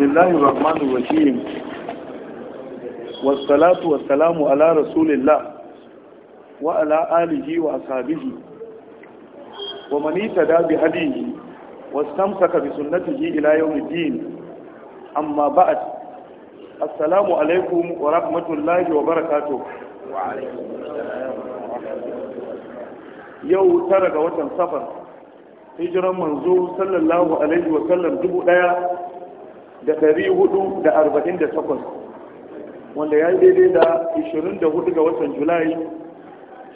بسم الله الرحمن الرحيم والصلاة والسلام على رسول الله وعلى آله وأصحابه ومن اهتدى بهديه واستمسك بسنته إلى يوم الدين أما بعد السلام عليكم ورحمة الله وبركاته وعليكم السلام yau tara ga watan safar hijiran manzo sallallahu alaihi wasallam dubu daya da ɗari hudu da arba'in da takwas wanda ya yi daidai da ishirin da hudu ga watan julai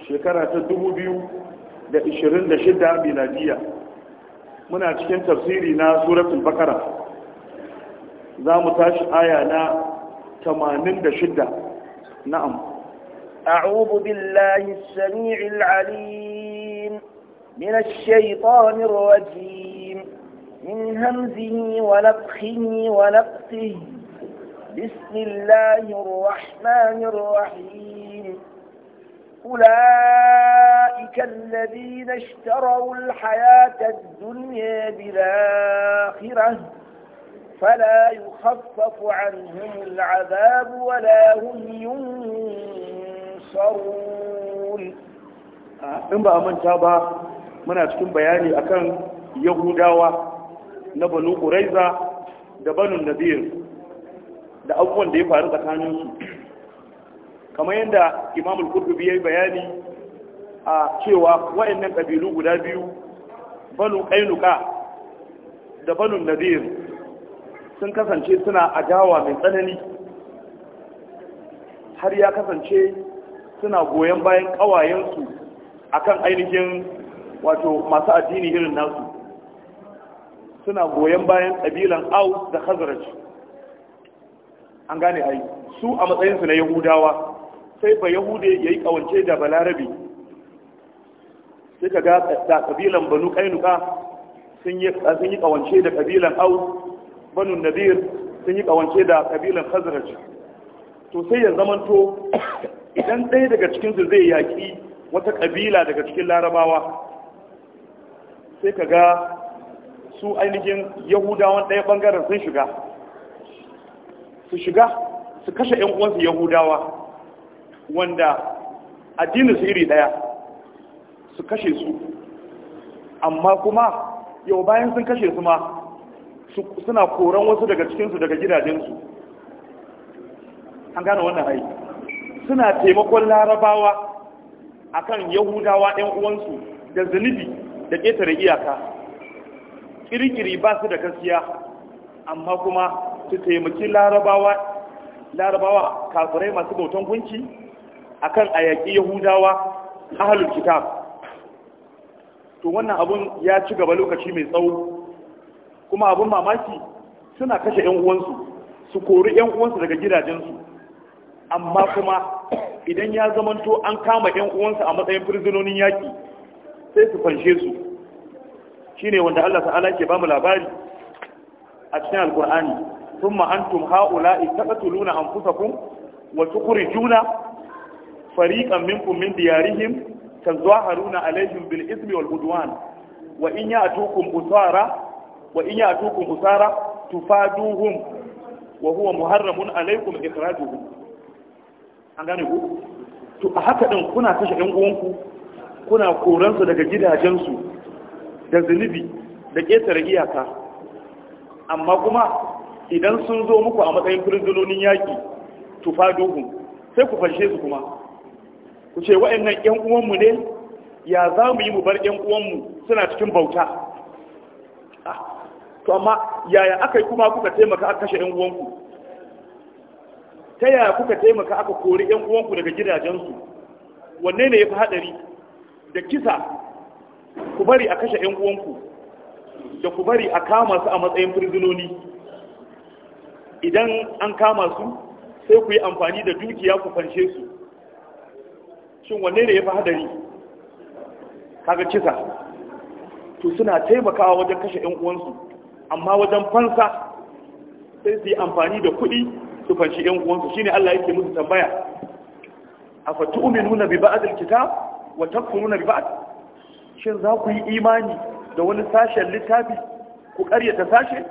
shekara ta dubu biyu da ishirin da shida miladiya muna cikin tafsiri na suratul bakara za mu tashi aya na tamanin da shida na'am أعوذ بالله السميع العليم من الشيطان الرجيم من همزه ونفخه ونفسه بسم الله الرحمن الرحيم أولئك الذين اشتروا الحياة الدنيا بالآخرة فلا يخفف عنهم العذاب ولا هم ينصرون إن بقى من تابع من أتكون بياني أكن na banu ƙuraiza da banu nadir da abubuwan da ya faru tsakaninsu kamar yadda imamul kurdubi ya yi bayani a cewa wa'annan ƙabilu guda biyu banu ƙainuka da banu nadir sun kasance suna adawa mai tsanani har ya kasance suna goyon bayan ƙawayensu akan ainihin wato masu addini irin nasu suna goyon bayan ƙabilan aus da hazarci an gane ai su a matsayinsu na yahudawa sai ba yahude ya yi ƙawance da Balarabi. sai ka ga ƙabilan banu ƙainuka sun yi ƙawance da ƙabilan aus banu nadir sun yi ƙawance da ƙabilan hazarci to sai ya zamanto idan ɗaya daga cikinsu zai yaƙi wata ƙabila daga cikin larabawa sai ka ga su ainihin yahudawan ɗaya ɓangaren sun shiga su shiga su kashe 'yan uwansu yahudawa wanda addinin su iri ɗaya su kashe su amma kuma yau bayan sun kashe su ma suna koran wasu daga cikinsu daga gidajensu an gane wannan hai suna taimakon larabawa akan yahudawa 'yan uwansu da zunubi da ƙetare iyaka kirkiri ba su da gaskiya amma kuma su taimaki larabawa larabawa kafirai masu bautan gunki akan ayaki yahudawa ahlul kitab to wannan abun ya ci gaba lokaci mai tsawo kuma abun mamaki suna kashe yan uwansu su kori yan uwansu daga gidajensu amma kuma idan ya zamanto an kama yan uwansu a matsayin fursunonin yaƙi sai su fanshe su ne wanda Allah ta'ala ke ba mu labari a cikin alkur'ani thumma antum haula'i taqtuluna anfusakum wa juna fariqan minkun min diyarihim tazaharuna alaihim bil ismi wal Gudwan. wa in ya'tukum usara wa in ya'tukum usara tufaduhum wa huwa muharramun alaikum ikhrajuhum an gane ku to a haka din kuna kashe yan uwanku kuna koransu daga gidajensu da zunubi da ƙetare iyaka amma kuma idan sun zo muku a matsayin firzunonin yaƙi tufa dogon sai ku fashe su kuma ku ce wa'annan ƴan uwanmu ne ya za mu yi mu bar ƴan uwanmu suna cikin bauta ah, to amma yaya aka yi kuma kuka taimaka aka kashe ƴan uwanku ta yaya kuka taimaka aka kori ƴan uwanku daga gidajensu wanne ne ya fi haɗari da kisa ku bari a kashe 'yan uwanku da ku bari a kama su a matsayin firzinoni idan an kama su sai ku yi amfani da dukiya ku fanshe su shin wanne da ya fi hadari kaga kisa to suna taimakawa wajen kashe 'yan uwansu amma wajen fansa sai su yi amfani da kuɗi su fanshi 'yan uwansu shine Allah yake musu tambaya A afa tu'minuna bi ba'd al wa takfuruna bi ba'd shin za ku yi imani da wani sashen littafi ku karyata sashe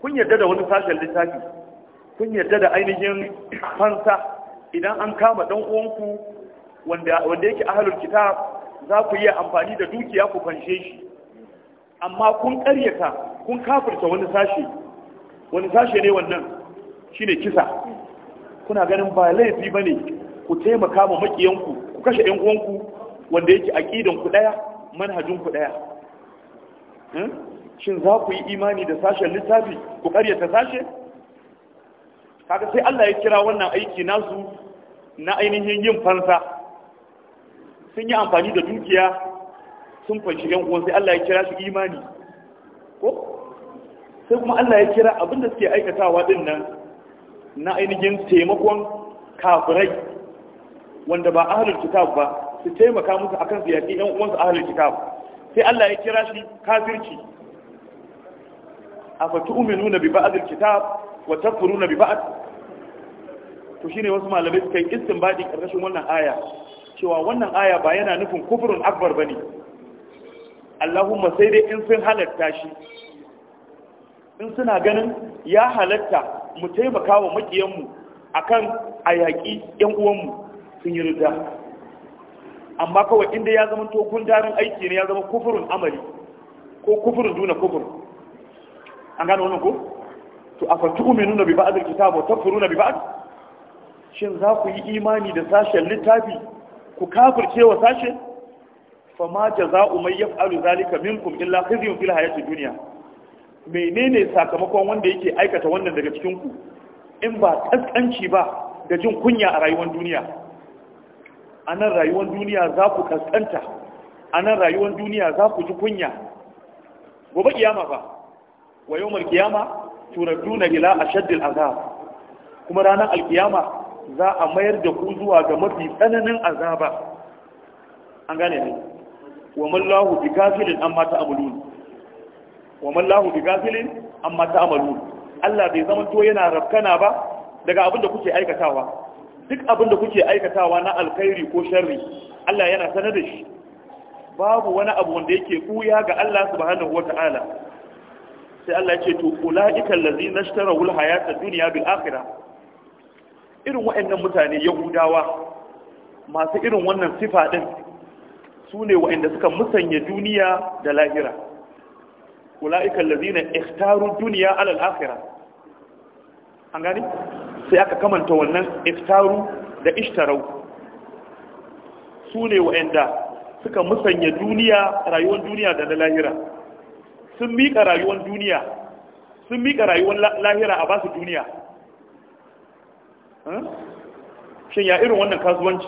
kun yarda da wani sashen littafi kun yarda da ainihin fansa idan an kama dan uwanku wanda wanda yake ahlul kitab za ku yi amfani da dukiya ku fanshe shi amma kun karyata kun kafirta wani sashe wani sashe ne wannan shine kisa kuna ganin ba laifi bane ku taimaka ma makiyanku ku kashe yan uwanku wanda yake aqidan ku daya manhajin ku daya hmm? shin za ku yi imani da sashen littafi ku ta sashe kaga sai Allah ya kira wannan aiki nasu na ainihin yin fansa sun yi amfani da dukiya sun fanshi yan uwan sai Allah ya kira shi imani ko sai kuma Allah ya kira abinda suke aikatawa din nan na ainihin taimakon kafirai wanda ba ahlul kitab ba su taimaka musu akan kan yaƙi yan uwansu ahlul kitab sai Allah ya kira shi kafirci fatu tu'minuna bi ba'd al-kitab wa nuna bi ba'd to shi ne wasu malamai suka yi baɗi ƙarƙashin wannan aya cewa wannan aya ba yana nufin kufurin akbar ba ne. Allahumma sai dai in sun halatta shi in suna ganin ya halatta mu taimaka wa makiyanmu akan a yaƙi 'yan uwanmu sun yi rida amma kawai inda ya zama tokun darin aiki ne ya zama kufurin amali ko kufurin duna kufur an gano wannan ko to afa tu'minuna bi ba'd kitab wa takfuruna bi ba'd shin za ku yi imani da sashen littafi ku kafirce wa sashen fa ma jaza'u man yaf'alu zalika minkum illa khizyun fil hayati dunya menene sakamakon wanda yake aikata wannan daga cikin ku in ba kaskanci ba da jin kunya a rayuwar duniya a nan rayuwar duniya za ku kaskanta a nan rayuwar duniya za ku ji kunya gobe kiyama ba. wa yau mal kiyama turaduna ila ashaddil azab kuma ranar alkiyama za a mayar da ku zuwa ga mafi tsananin azaba an gane ne wa mallahu bi gafilin amma ta'malun wa mallahu bi gafilin amma ta'malun Allah bai zama to yana rafkana ba daga abin da kuke aikatawa duk abin da kuke aikatawa na alkhairi ko sharri Allah yana sanar da shi babu wani abu wanda yake kuya ga Allah subhanahu wata'ala sai Allah ya ce to ulaika allazina ishtaraw alhayata dunya bil akhirah irin waɗannan mutane yahudawa masu irin wannan sifa din su ne suka musanya duniya da lahira ulaika allazina ikhtaru dunya ala akhirah an gani sai aka kamanta wannan iftaru da ishtarau su ne wa'anda suka musanya duniya rayuwar duniya da na lahira sun miƙa rayuwar duniya sun miƙa rayuwar lahira a basu duniya hmm? shin ya irin wannan kasuwanci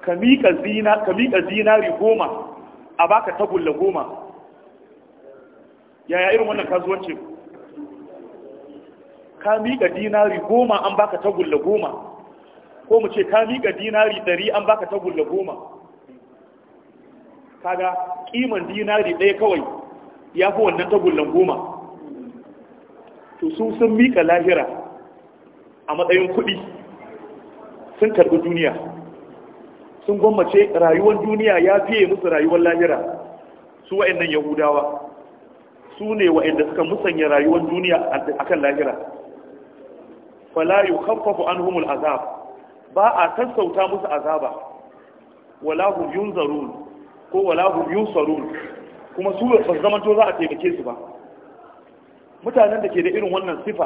ka miƙa zinari goma a baka tagulla goma yaya irin wannan kasuwancin ka miƙa dinari goma an baka tagulla goma ko mu ce ka miƙa dinari ɗari an baka tagulla goma kaga ƙiman dinari ɗaya kawai ya fi wannan tagullan goma to sun sun miƙa lahira a matsayin kuɗi sun karɓi duniya sun gwammace rayuwar duniya ya fiye musu rayuwar lahira su wa'annan yahudawa su ne wa'anda suka musanya rayuwar duniya a kan lahira fala yukhaffafu anhumul azab ba a tasauta musu azaba wala hum yunzarun ko wala hum yusarun kuma su ba zaman za a taimake su ba mutanen da ke da irin wannan sifa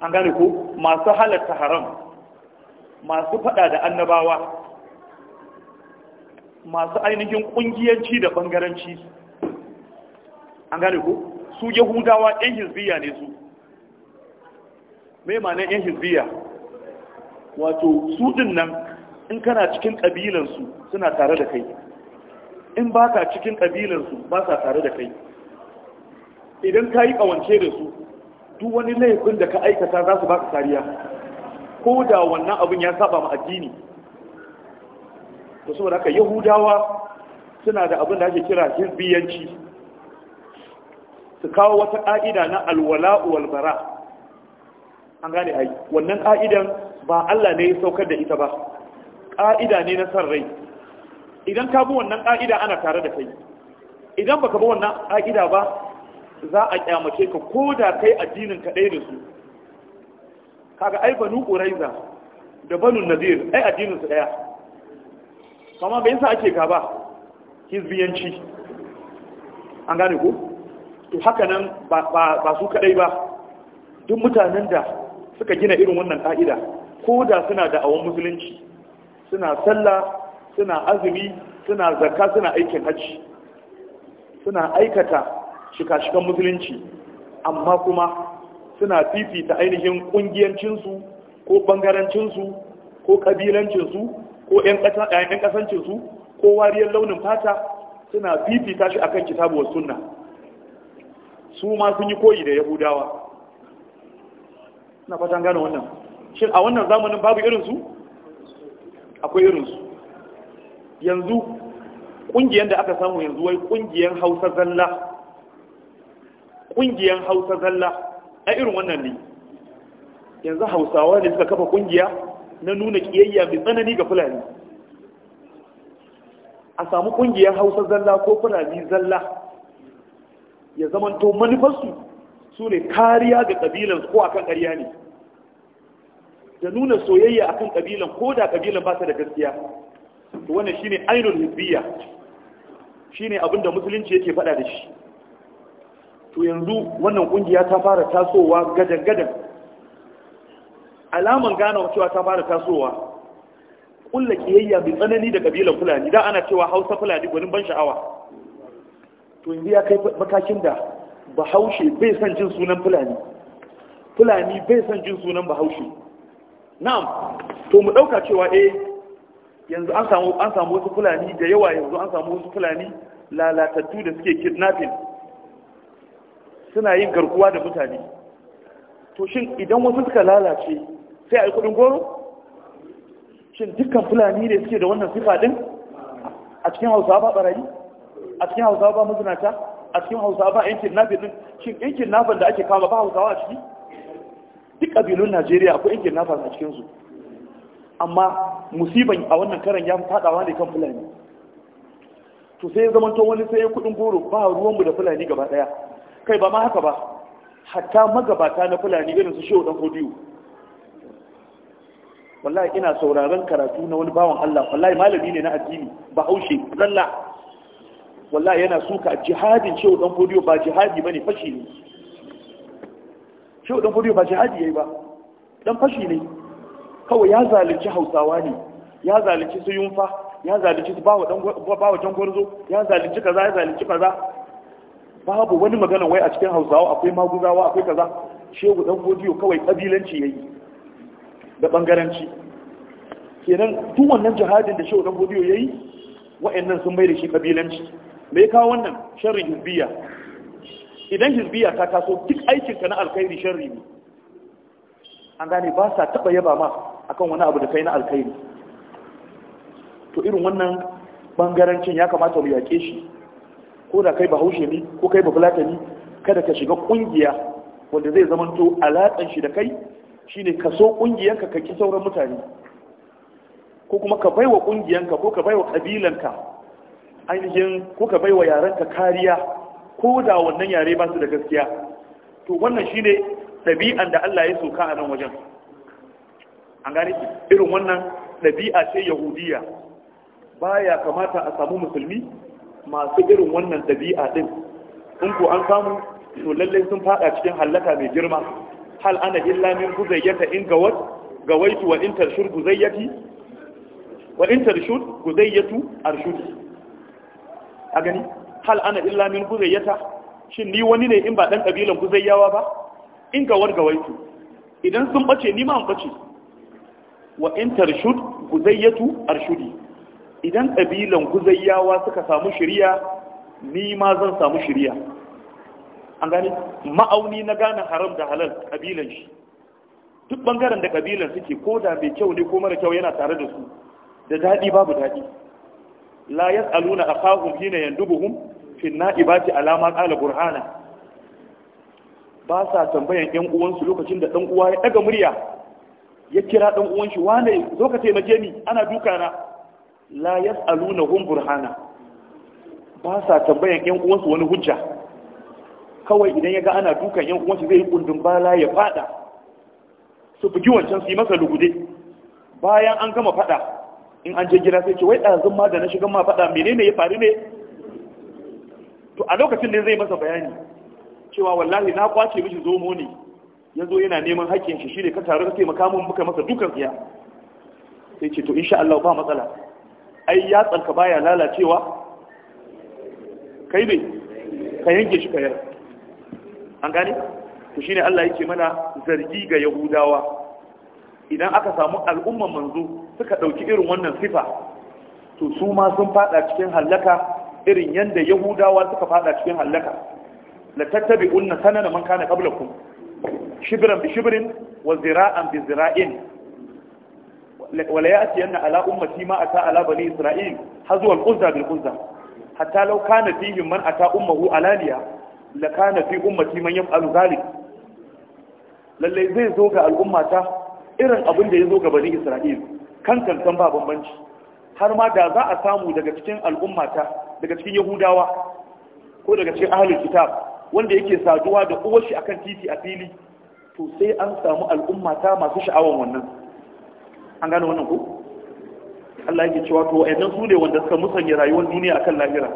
an gane ko masu halatta haram masu fada da annabawa masu ainihin kungiyanci da bangaranci an gane ko su yahudawa yan hizbiya ne su mai ma yan hizbiya wato su din nan in kana cikin ƙabilansu suna tare da kai in ba ka cikin ƙabilansu ba sa tare da kai idan ka yi ƙawance da su duk wani laifin da ka aikata za su ba ka kariya ko da wannan abin ya saba ma addini to saboda haka yahudawa suna da abin da ake kira hizbiyanci su kawo wata ƙa'ida na alwala bara an gane ai wannan ka'idan ba Allah ne ya saukar da ita ba ka'ida ne na san rai idan ka bi wannan ka'ida ana tare da kai idan baka bi wannan ka'ida ba za a kyamace ka ko da kai addinin ka ɗaya da su kaga ai banu quraiza da banu nadir ai addinin su ɗaya kuma bai sa ake ka ba hizbiyanci an gane ko to haka nan ba su kaɗai ba duk mutanen da suka gina irin wannan ka'ida ko da suna da awon musulunci suna sallah suna azumi suna zakka suna aikin hajji suna aikata shika-shikan musulunci amma kuma suna fifita ainihin ƙungiyancinsu ko bangarancinsu ko kabilancinsu ko 'yan kasancinsu ko wariyar launin fata suna fifita shi akan kitabuwar sunna su ma sun yi koyi da yahudawa na fatan gane wannan shin a wannan zamanin babu irinsu akwai irinsu yanzu ƙungiyar da aka samu yanzu wai ƙungiyar hausa zalla ƙungiyar hausa zalla a irin wannan ne yanzu hausawa ne suka kafa ƙungiya na nuna ƙiyayya mai tsanani ga fulani a samu ƙungiyar hausa zalla ko fulani zalla ya zamanto manufarsu su ne kariya ga ƙabilan ko akan ƙarya ne da nuna soyayya akan ƙabilan ko da ƙabilan ba ta da gaskiya to wannan shine ainul hizbiya shine abin da musulunci yake faɗa da shi to yanzu wannan ƙungiya ta fara tasowa gadan gadan alaman gane cewa ta fara tasowa kulla kiyayya mai tsanani da ƙabilan fulani da ana cewa hausa fulani gwanin ban sha'awa to yanzu ya kai makakin da bahaushe bai son jin sunan fulani fulani bai son jin sunan bahaushe na'am to mu dauka cewa eh yanzu an samu an samu wasu fulani da yawa yanzu an samu wasu fulani lalatattu da suke kidnapping suna yin garkuwa da mutane to shin idan wasu suka lalace sai a yi kudin goro shin dukkan fulani ne suke da wannan sifa din a cikin hausawa ba barayi a cikin hausawa ba mazinata a cikin hausa ba yankin nafin din shi yankin nafin da ake kama ba hausawa a ciki duk ƙabilun najeriya akwai yankin nafin a cikinsu amma musiban a wannan karan ya fadawa ne kan fulani to sai ya zamanto wani sai ya kudin goro ba ruwanmu da fulani gaba daya kai ba ma haka ba hatta magabata na fulani irin su shehu dan odiyo. wallahi ina sauraron karatu na wani bawan Allah wallahi malami ne na addini bahaushe zalla Walla yana suka jihadin shehu dan fodiyo ba jihadi bane fashi ne shehu dan fodiyo ba jihadi yayi ba dan fashi ne kawai ya zalunci hausawa ne ya zalunci su yunfa ya zalunci su bawa dan bawa gwarzo ya zalunci kaza ya zalunci kaza babu wani magana wai a cikin hausawa akwai maguzawa akwai kaza shehu dan fodiyo kawai kabilanci yayi da bangaranci kenan duk wannan jihadin da shehu dan fodiyo yayi wa'annan sun bai da shi kabilanci me ya kawo wannan sharrin hizbiya idan hizbiya ta taso duk aikinka na alkhairi sharri ne an gane ba sa taɓa yaba ma akan wani abu da kai na alkhairi to irin wannan bangarancin ya kamata mu yaƙe shi ko da kai bahaushe ne ko kai bafulata ne kada ka shiga ƙungiya wanda zai zama to alaƙan shi da kai shine ka so ƙungiyanka ka ki sauran mutane ko kuma ka baiwa ƙungiyanka ko ka baiwa ƙabilanka ainihin kuka baiwa yarenka kariya ko da wannan yare ba su da gaskiya to wannan shine ɗabi'an da Allah ya soka a nan wajen an gane irin wannan ɗabi'a ce yahudiya baya kamata a samu musulmi masu irin wannan dabi'a din in ko an samu to lallai sun fada cikin hallaka mai girma hal ana illa min guzayyata in gawat gawaitu wa in tarshur guzayyati wa in tarshur guzayyatu arshudi a gani hal ana illa min guzayyata shin ni wani ne in ba ɗan kabilan guzayyawa ba in ga wargawaitu idan sun bace ni ma an bace wa in tarshud guzayyatu arshudi idan kabilan guzayyawa suka samu shiriya ni ma zan samu shiriya an gani ma'auni na gane haram da halal kabilan shi duk ɓangaren da kabilan suke ko da mai kyau ne ko mara kyau yana tare da su da daɗi babu daɗi la yas'aluna akahum hina yandubuhum fi na'ibati alama qala burhana ba sa tambayan yan uwansu lokacin da ɗan uwa ya daga murya ya kira ɗan uwan shi wane zo ka taimake ni ana duka na la hum burhana ba sa tambayan yan uwansu wani hujja kawai idan ya ga ana dukan yan uwansu zai yi kundin bala ya fada su bugi wancan su yi masa lugude bayan an gama fada in an je gida sai ce wai ɗazun ma da na shiga ma faɗa menene ya faru ne to a lokacin ne zai masa bayani cewa wallahi na kwace mishi zomo ne ya zo yana neman haƙƙin shi shi ne ka taru ka taimaka mun muka masa dukan siya sai ce to insha Allah ba matsala ai ya tsanka baya lalacewa kai ne ka yanke shi kayar an gane to shine Allah yake mana zargi ga Yahudawa idan aka samu al'umman manzo suka ɗauki irin wannan sifa to su ma sun fada cikin hallaka irin yadda yahudawa suka fada cikin hallaka la tattabi unna sanana man kana qablakum shibran bi shibirin, wa zira'an bi zira'in wa ya ya'ti yana ala ummati ma ata ala bani isra'il hazu al uzza bil uzza hatta law kana fihim man ata ummuhu alaliya la kana fi ummati man yaf'alu zalik lalle zai zo ga al'ummata irin abin da ya zo ga bani isra'il kan kankan ba bambanci har ma da za a samu daga cikin al'ummata daga cikin yahudawa ko daga cikin ahalin kitab wanda yake saduwa da uwashi akan titi a fili to sai an samu al'ummata masu sha'awan wannan an gane wannan ko Allah yake cewa to wayannan su ne wanda suka musanya rayuwar duniya akan lahira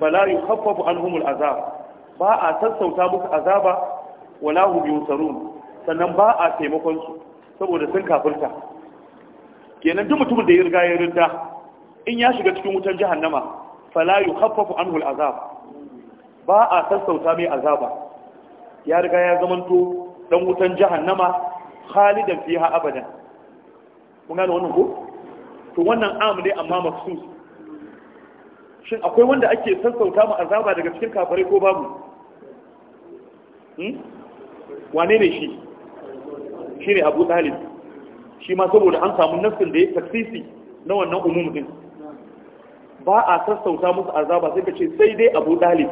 fala yukhaffafu anhumul azab ba a sassauta musu azaba wala hum yunsarun sannan ba a taimakon su saboda sun kafirta kenan duk mutumin da ya riga ya rinda in ya shiga cikin wutar jahannama fala yukhaffafu anhu al'azab ba a sassauta mai azaba ya riga ya zamanto dan wutan jahannama khalidan fiha abadan kun gane wannan ko to wannan am ne amma mafsus shin akwai wanda ake sassauta mu azaba daga cikin kafare ko babu hmm wane ne shi Shi ne Abu Talib shi ma saboda an samu nassin da ya taksisi na wannan umum din ba a sassauta musu azaba sai ka ce sai dai abu dalib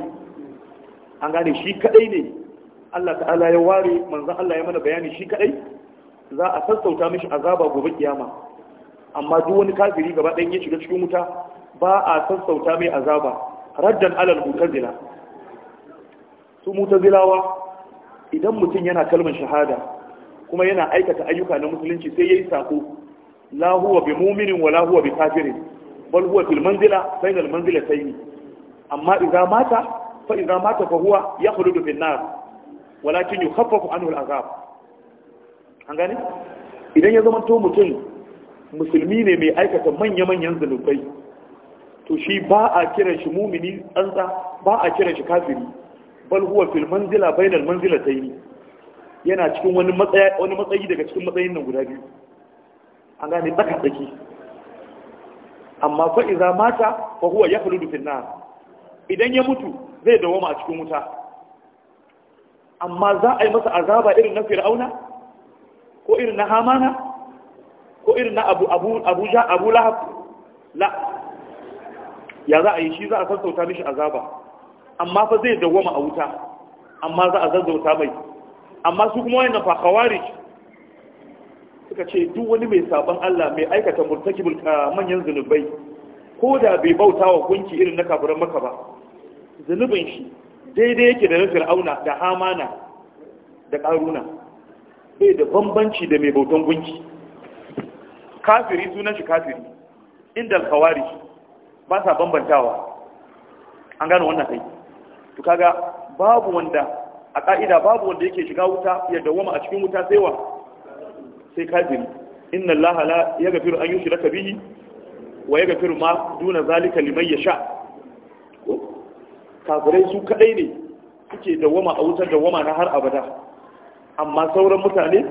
an gane shi kadai ne Allah ta'ala ya ware manzon Allah ya mana bayani shi kadai za a sassauta mishi azaba gobe kiyama amma duk wani kafiri gaba ɗayan ya shiga cikin wuta ba a sassauta mai azaba raddan alal mutazila su mutazilawa idan mutum yana kalmar shahada kuma yana aikata ayyuka na musulunci sai yayi sako la huwa bi mu'minin wa la huwa bi kafirin bal huwa fil manzila bayna al sayyi amma idza mata fa idza mata fa huwa yakhludu fil nar walakin yukhaffafu anhu al azab an gane idan ya zama to mutum musulmi ne mai aikata manya-manyan zunubai to shi ba a kiran shi mumini tsantsa ba a kiran shi kafiri bal huwa fil manzila manzila sayyi yana cikin wani matsayi daga cikin matsayin nan guda biyu an gane tsaka tsaki amma fa iza mata fa huwa yakhludu dufin na idan ya mutu zai dawoma a cikin wuta amma za a yi masa azaba irin na fir'auna ko irin na hamana ko irin na abu abu abu ja abu lahab la ya za a yi shi za a sassauta mishi azaba amma fa zai dawoma a wuta amma za a zazzauta mai amma su kuma wayannan fa khawarij suka ce duk wani mai saban Allah mai aikata murtakibul ah, manyan zunubai ko da bai bauta wa gunki irin na kafiran maka ba zunubin shi daidai yake da na fir'auna da hamana da karuna bai da bambanci da mai bautan gunki kafiri sunan shi kafiri inda alfawari ba sa bambantawa an gano wannan kai to kaga babu wanda a ƙa'ida babu wanda yake shiga wuta ya dawama a cikin wuta sai wa sai kafiri inna allaha la yaghfiru an yushraka bihi wa ya gafi ma duna zalika liman yasha kafirai su kadai ne suke dawama a wutar dawama na har abada amma sauran mutane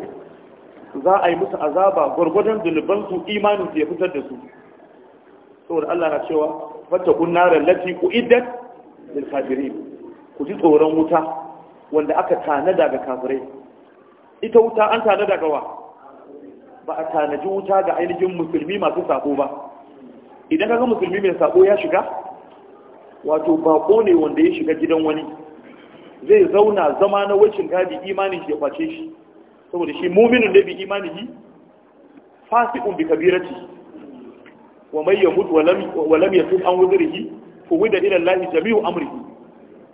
za a yi musu azaba gwargwadon zunuban su imanin su ya fitar da su saboda Allah na cewa fatakun narar lati ku iddat lil ku ji tsoron wuta wanda aka tanada ga kafirai ita wuta an tanada gawa ba a tanaji wuta ga ainihin musulmi masu sako ba idan kaga musulmi mai sako ya shiga wato bako ne wanda ya shiga gidan wani zai zauna zama na wacin gadi imanin shi ya kwace shi saboda shi muminin da bi imanin yi fasikun bi kabirati wa mai yahud wa lam yatub an wudrihi fa ila Allah jami'u amrihi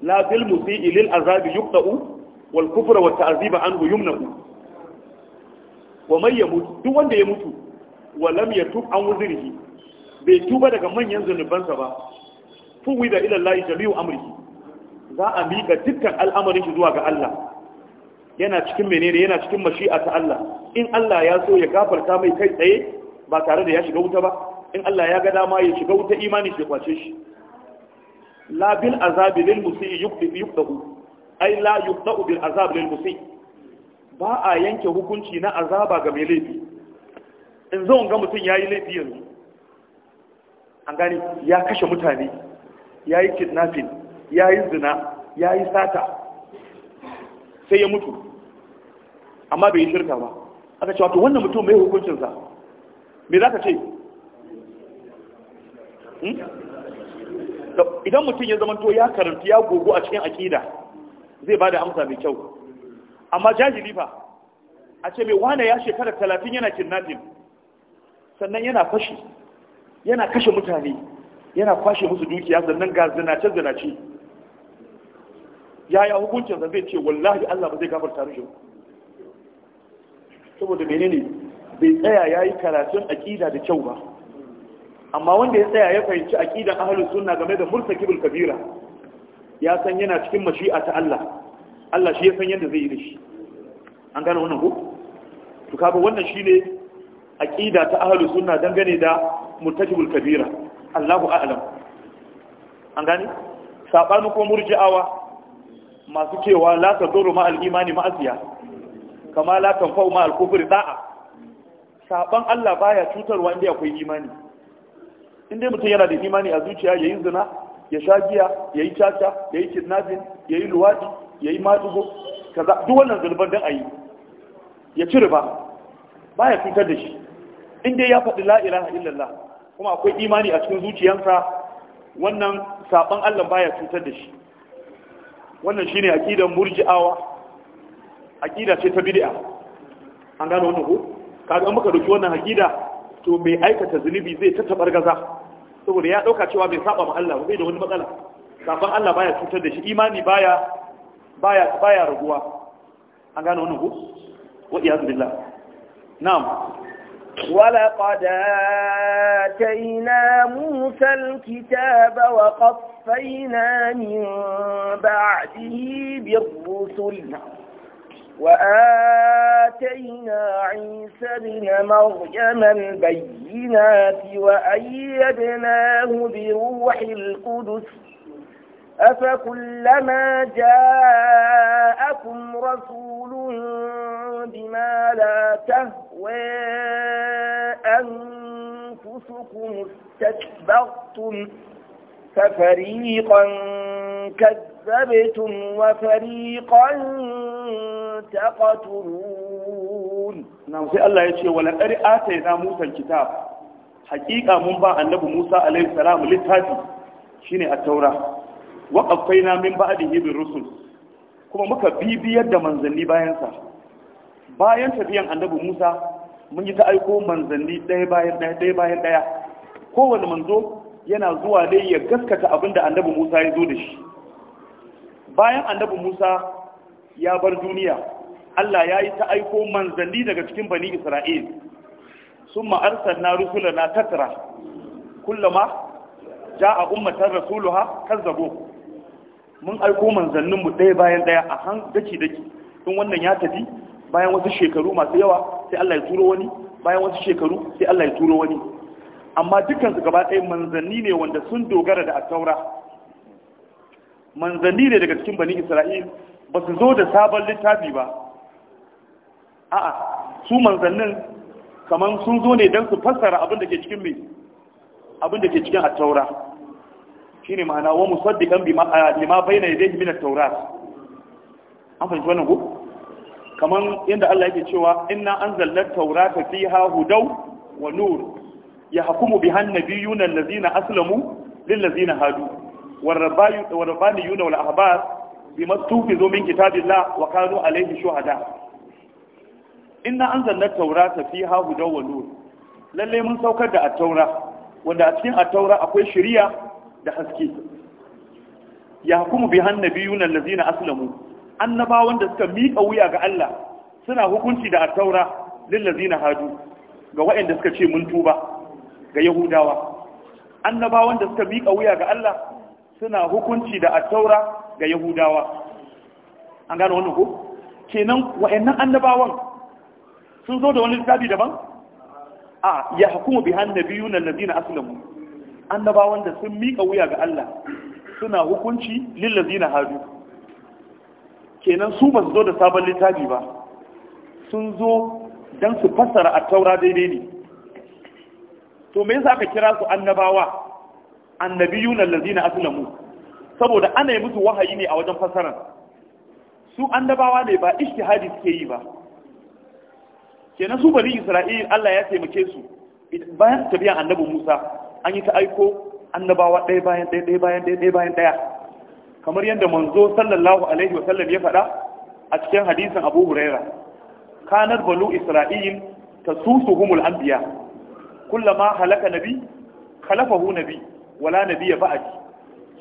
la bil ilil lil azabi yuqta'u wal kufra wa ta'ziba anhu yumna'u wa man yamut duk wanda ya mutu wa lam yatub an wuzrihi bai tuba daga manyan zunubansa ba fuwi da ila Allah jami'u amrihi za a mika dukkan al'amarin shi zuwa ga Allah yana cikin menene yana cikin mashi'a ta Allah in Allah ya so ya gafarta mai kai tsaye ba tare da ya shiga wuta ba in Allah ya ga dama ya shiga wuta imani shi kwace shi la bil azabi lil musii yuqdahu ai la yuqdahu bil azab lil musii ba a yanke hukunci na azaba ga mai laifi in zo ga mutum yayi laifi yanzu an gane ya kashe mutane yayi kidnapping yayi zina yayi sata sai ya mutu amma bai yi shirka ba aka ce wato wannan mutum mai hukuncinsa me za ka ce hmm? idan mutum ya zama to ya karanta ya gogo a cikin akida zai ba da amsa mai kyau amma jahili fa a ce mai wane ya shekara talatin yana kidnapping sannan yana fashi yana kashe mutane yana kwashe musu dukiya sannan ga zinace zinace yaya hukuncinsa zai ce wallahi Allah ba zai gafarta mishi saboda menene bai tsaya ya yi karatun akida da kyau ba amma wanda ya tsaya ya fahimci aqidan ahlus sunna game da murtakibul kabira ya san yana cikin mashi'a ta Allah Allah shi ya san yadda zai yi dashi an gane wannan ko to kaga wannan shine aqida ta ahlus sunna dangane da murtakibul kabira Allahu a'lam an gane sabanin ko murji'awa masu cewa la tadurru ma al-imani ma'asiya kama la tanfa'u ma al-kufri da'a saban Allah baya cutarwa inda akwai imani inda mutum yana da imani a zuciya ya yi zina ya sha giya ya yi caca ya yi kidnapping ya yi luwaɗi ya yi maɗugo kaza duk wannan zunuban don a yi ya ci riba ba ya cutar da shi inda ya faɗi la'ilaha illallah kuma akwai imani a cikin zuciyarsa wannan saɓon allah ba ya cutar da shi wannan shi ne aƙidan murji'awa aƙida ce ta bid'a an gano wannan ko kaga an muka dauki wannan aƙida to mai aikata zunubi zai ta gaza. saboda ya dauka cewa bai saba ma Allah bai da wani matsala saban Allah baya cutar da shi imani baya baya baya raguwa an gano wannan ko wa iyaz billah na'am ولقد musa موسى الكتاب وقفينا من بعده بالرسل وآتينا عيسى بن مريم البينات وأيدناه بروح القدس أفكلما جاءكم رسول بما لا تهوى أنفسكم استكبرتم ففريقا كذبتم وفريقا تقتلون نعم سي الله يشي ولقد آتينا موسى الكتاب حقيقة من با النبي موسى عليه السلام للتاتي شيني التوراة وقفينا من بعده بالرسل kuma muka bibiyar da manzanni bayansa bayan tafiyan annabi Musa mun yi ta aiko manzanni ɗaya bayan ɗaya ɗaya bayan ɗaya kowane manzo yana zuwa dai ya gaskata abin da annabi musa ya zo da shi bayan annabi musa ya bar duniya allah ya yi ta aiko manzanni daga cikin bani isra'il sun ma'arsar na rusula na tattara kullama ja a ummatar rasuluha kan zabo mun aiko manzanninmu ɗaya bayan ɗaya a han daki-daki in wannan ya tafi bayan wasu shekaru masu yawa sai allah ya turo wani bayan wasu shekaru sai allah ya turo wani amma dukansu gaba ɗaya manzanni ne wanda sun dogara da attaura manzanni ne daga cikin bani isra'il ba su zo da sabon littafi ba a'a su manzannin kamar sun zo ne don su fassara abin da ke cikin mai abin da ke cikin attaura shi ne ma'ana wa ma lima bayna yadayhi min at taura. an fahimci wannan ko kamar yadda Allah yake cewa inna anzalna ta taurata fiha hudaw wa nur ya hakumu bi han nabiyuna allazina aslamu lil ladzina hadu warabbayu yuna wal ahbar mastufi zo min kitabillah wa kanu alayhi shuhada inna anzalna tawrata fiha hudaw wa nur lalle mun saukar da at-taura wanda a cikin at-taura akwai shari'a da haske ya hukumu bi han nabiyuna allazina aslamu annabawan da suka miƙa wuya ga Allah suna hukunci da at-taura lil ladzina hadu ga wa'anda suka ce mun tuba ga yahudawa annabawan da suka miƙa wuya ga Allah suna hukunci da attaura ga yahudawa an gano wannan ko kenan wa'annan annabawan sun zo da wani littafi daban a ya hukumu bi biyu na allazina aslamu annabawan da sun miƙa wuya ga Allah suna hukunci lil ladzina hadu kenan su ba su zo da sabon littafi ba sun zo don su fassara a taura daidai ne to me yasa aka kira su annabawa annabiyuna allazina aslamu saboda ana yi musu wahayi ne a wajen fasaran su annabawa ne ba ishtihadi suke yi ba kenan su bani isra'il Allah ya taimake su bayan tabiyan annabi Musa an yi ta aiko annabawa ɗaya bayan ɗaya ɗaya bayan ɗaya ɗaya bayan ɗaya kamar yadda manzo sallallahu alaihi wa sallam ya faɗa a cikin hadisin Abu Huraira kanar banu Isra'il tasusuhumul anbiya kullama halaka nabi khalafahu nabi wala nabiyya ba'di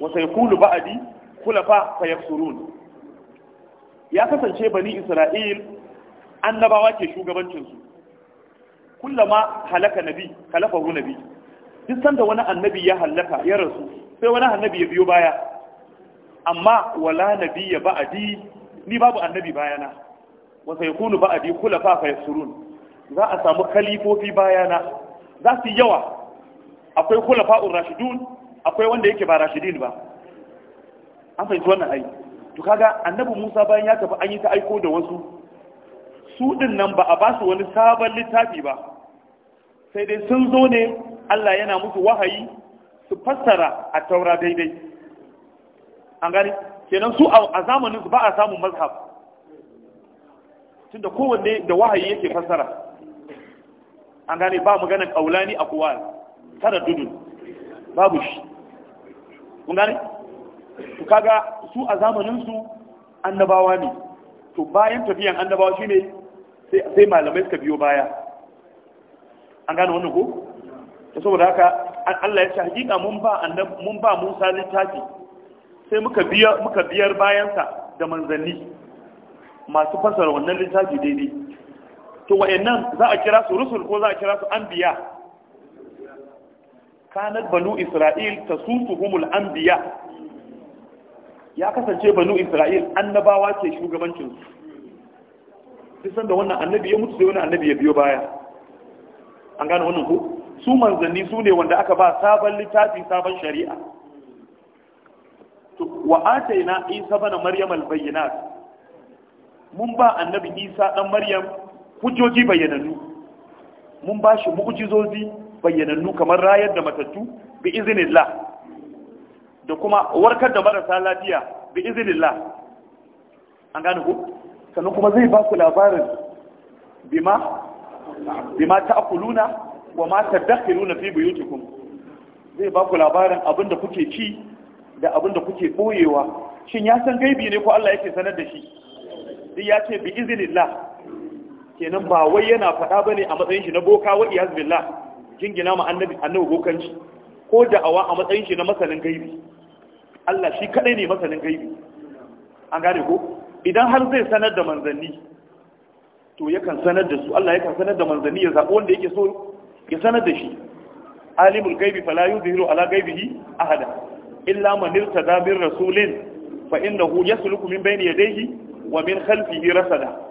wa sayqulu ba'di khulafa fayafsurun ya kasance bani isra'il annabawa ke shugabancin su kullama halaka nabi khalafahu nabi duk sanda wani annabi ya halaka ya rasu sai wani annabi ya biyo baya amma wala nabiyya ba'adi, ni babu annabi bayana wa kula fa khulafa fayafsurun za a samu khalifofi bayana za su yawa akwai fa’un rashidun akwai wanda yake ba rashidin ba an fahimci wannan ai to kaga annabi Musa bayan ya tafi an yi ta aiko da wasu su ɗin nan ba a ba su wani sabon littafi ba sai dai sun zo ne Allah yana musu wahayi su fassara a taura daidai an gani kenan su a zamanin su ba a samun mazhab tunda kowanne da wahayi yake fassara an gane ba magana kaulani a kowa tara dudu babu shi kun gane to kaga su a zamanin su annabawa ne to bayan tafiyan annabawa shine sai malamai suka biyo baya an gane wannan ko to saboda haka Allah ya ce hakika mun ba annab mun ba Musa littafi sai muka biya muka biyar bayansa da manzanni masu fasara wannan littafi daidai to wayannan za a kira su rusul ko za a kira su anbiya kanat banu isra'il tasusuhumul anbiya ya kasance banu isra'il annabawa ce shugabancin su duk da wannan annabi ya mutu sai wani annabi ya biyo baya an gane wannan ko su manzanni su ne wanda aka ba sabon littafi sabon shari'a wa ataina isa bana maryam albayyinat mun ba annabi isa dan maryam hujjoji bayyanannu mun ba shi mu'jizozi bayyanannu kamar rayar da matattu bi iznillah da kuma warkar da marasa lafiya bi iznillah an gane ku sannan kuma zai ba ku labarin bima bima ta'kuluna wa ma tadakhuluna fi buyutikum zai ba ku labarin abinda kuke ci da abinda kuke boyewa shin ya san gaibi ne ko Allah yake sanar da shi sai ya ce bi izinillah. kenan ba wai yana faɗa bane a matsayin shi na boka wa iyaz billah jingina ma annabi annabi bokanci ko da'awa a matsayin shi na masanin gaibi Allah shi kadai ne masanin gaibi an gane ko idan har zai sanar da manzanni to yakan sanar da su Allah yakan sanar da manzanni ya zaɓi wanda yake so ya sanar da shi alimul gaibi fala yuzhiru ala gaibihi ahada illa man irtada bir rasulin fa innahu yasluku min bayni yadayhi wa min khalfihi rasada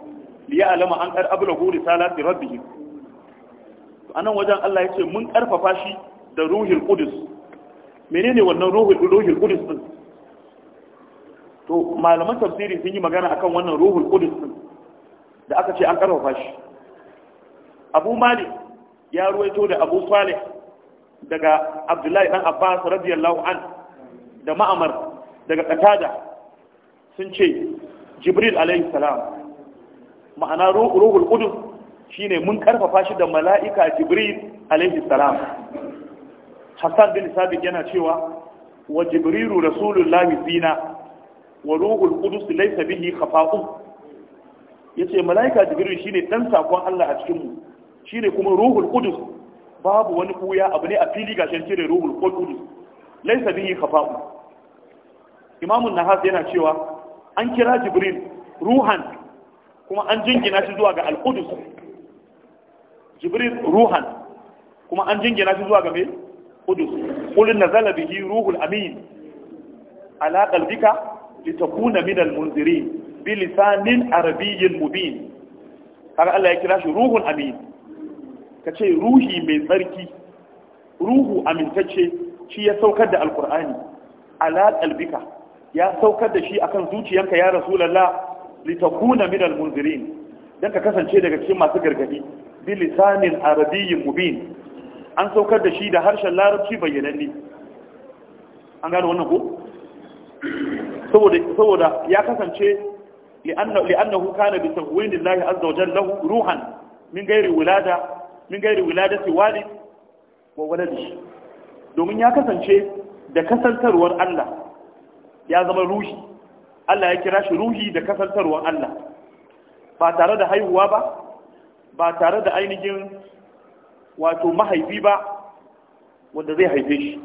liya alama an ƙar da abulagu risalati rabbihim anan wajen Allah ya ce mun ƙarfafa shi da ruhul qudus menene wannan ruhul ruhul din to malaman tafsiri sun yi magana akan wannan ruhul qudus din da aka ce an ƙarfafa shi Abu Malik ya ruwaito da Abu Salih daga Abdullahi dan Abbas radiyallahu an da Ma'amar daga Qatada sun ce Jibril alayhi salam ma'ana ruhul qudus shine mun karfafa shi da mala'ika jibril alaihi salam hassan bin sabit yana cewa wa jibrilu rasulullahi fina wa ruhul qudus laysa bihi khafa'u yace mala'ika jibril shine dan sakon Allah a cikin mu shine kuma ruhul qudus babu wani kuya abu ne a fili gashin cire ruhul qudus laysa bihi khafa'u imamu nahas yana cewa an kira jibril ruhan kuma an jingina shi zuwa ga al-qudus jibril ruhan kuma an jingina shi zuwa ga me qudus qul nazala bihi ruhul amin ala qalbika litakuna min al-munzirin bi lisanin arabiyyin mubin Haka Allah ya kira shi ruhul amin kace ruhi mai tsarki ruhu amintacce shi ya saukar da alqur'ani ala qalbika ya saukar da shi akan zuciyanka ya rasulullah litakuna minal munzirin dan ka kasance daga cikin masu gargadi bi lisanin arabiyyin mubin an saukar da shi da harshen larabci bayyananne an gano wannan ko saboda saboda ya kasance li'annahu kana bi tawwin Allah azza wa jalla ruhan min ghairi wilada min ghairi wiladati walid wa waladihi domin ya kasance da kasantarwar Allah ya zama ruhi Allah ya kira shi ruhi da kasantarwar Allah ba tare da haihuwa ba ba tare da ainihin wato mahaifi ba wanda zai haife shi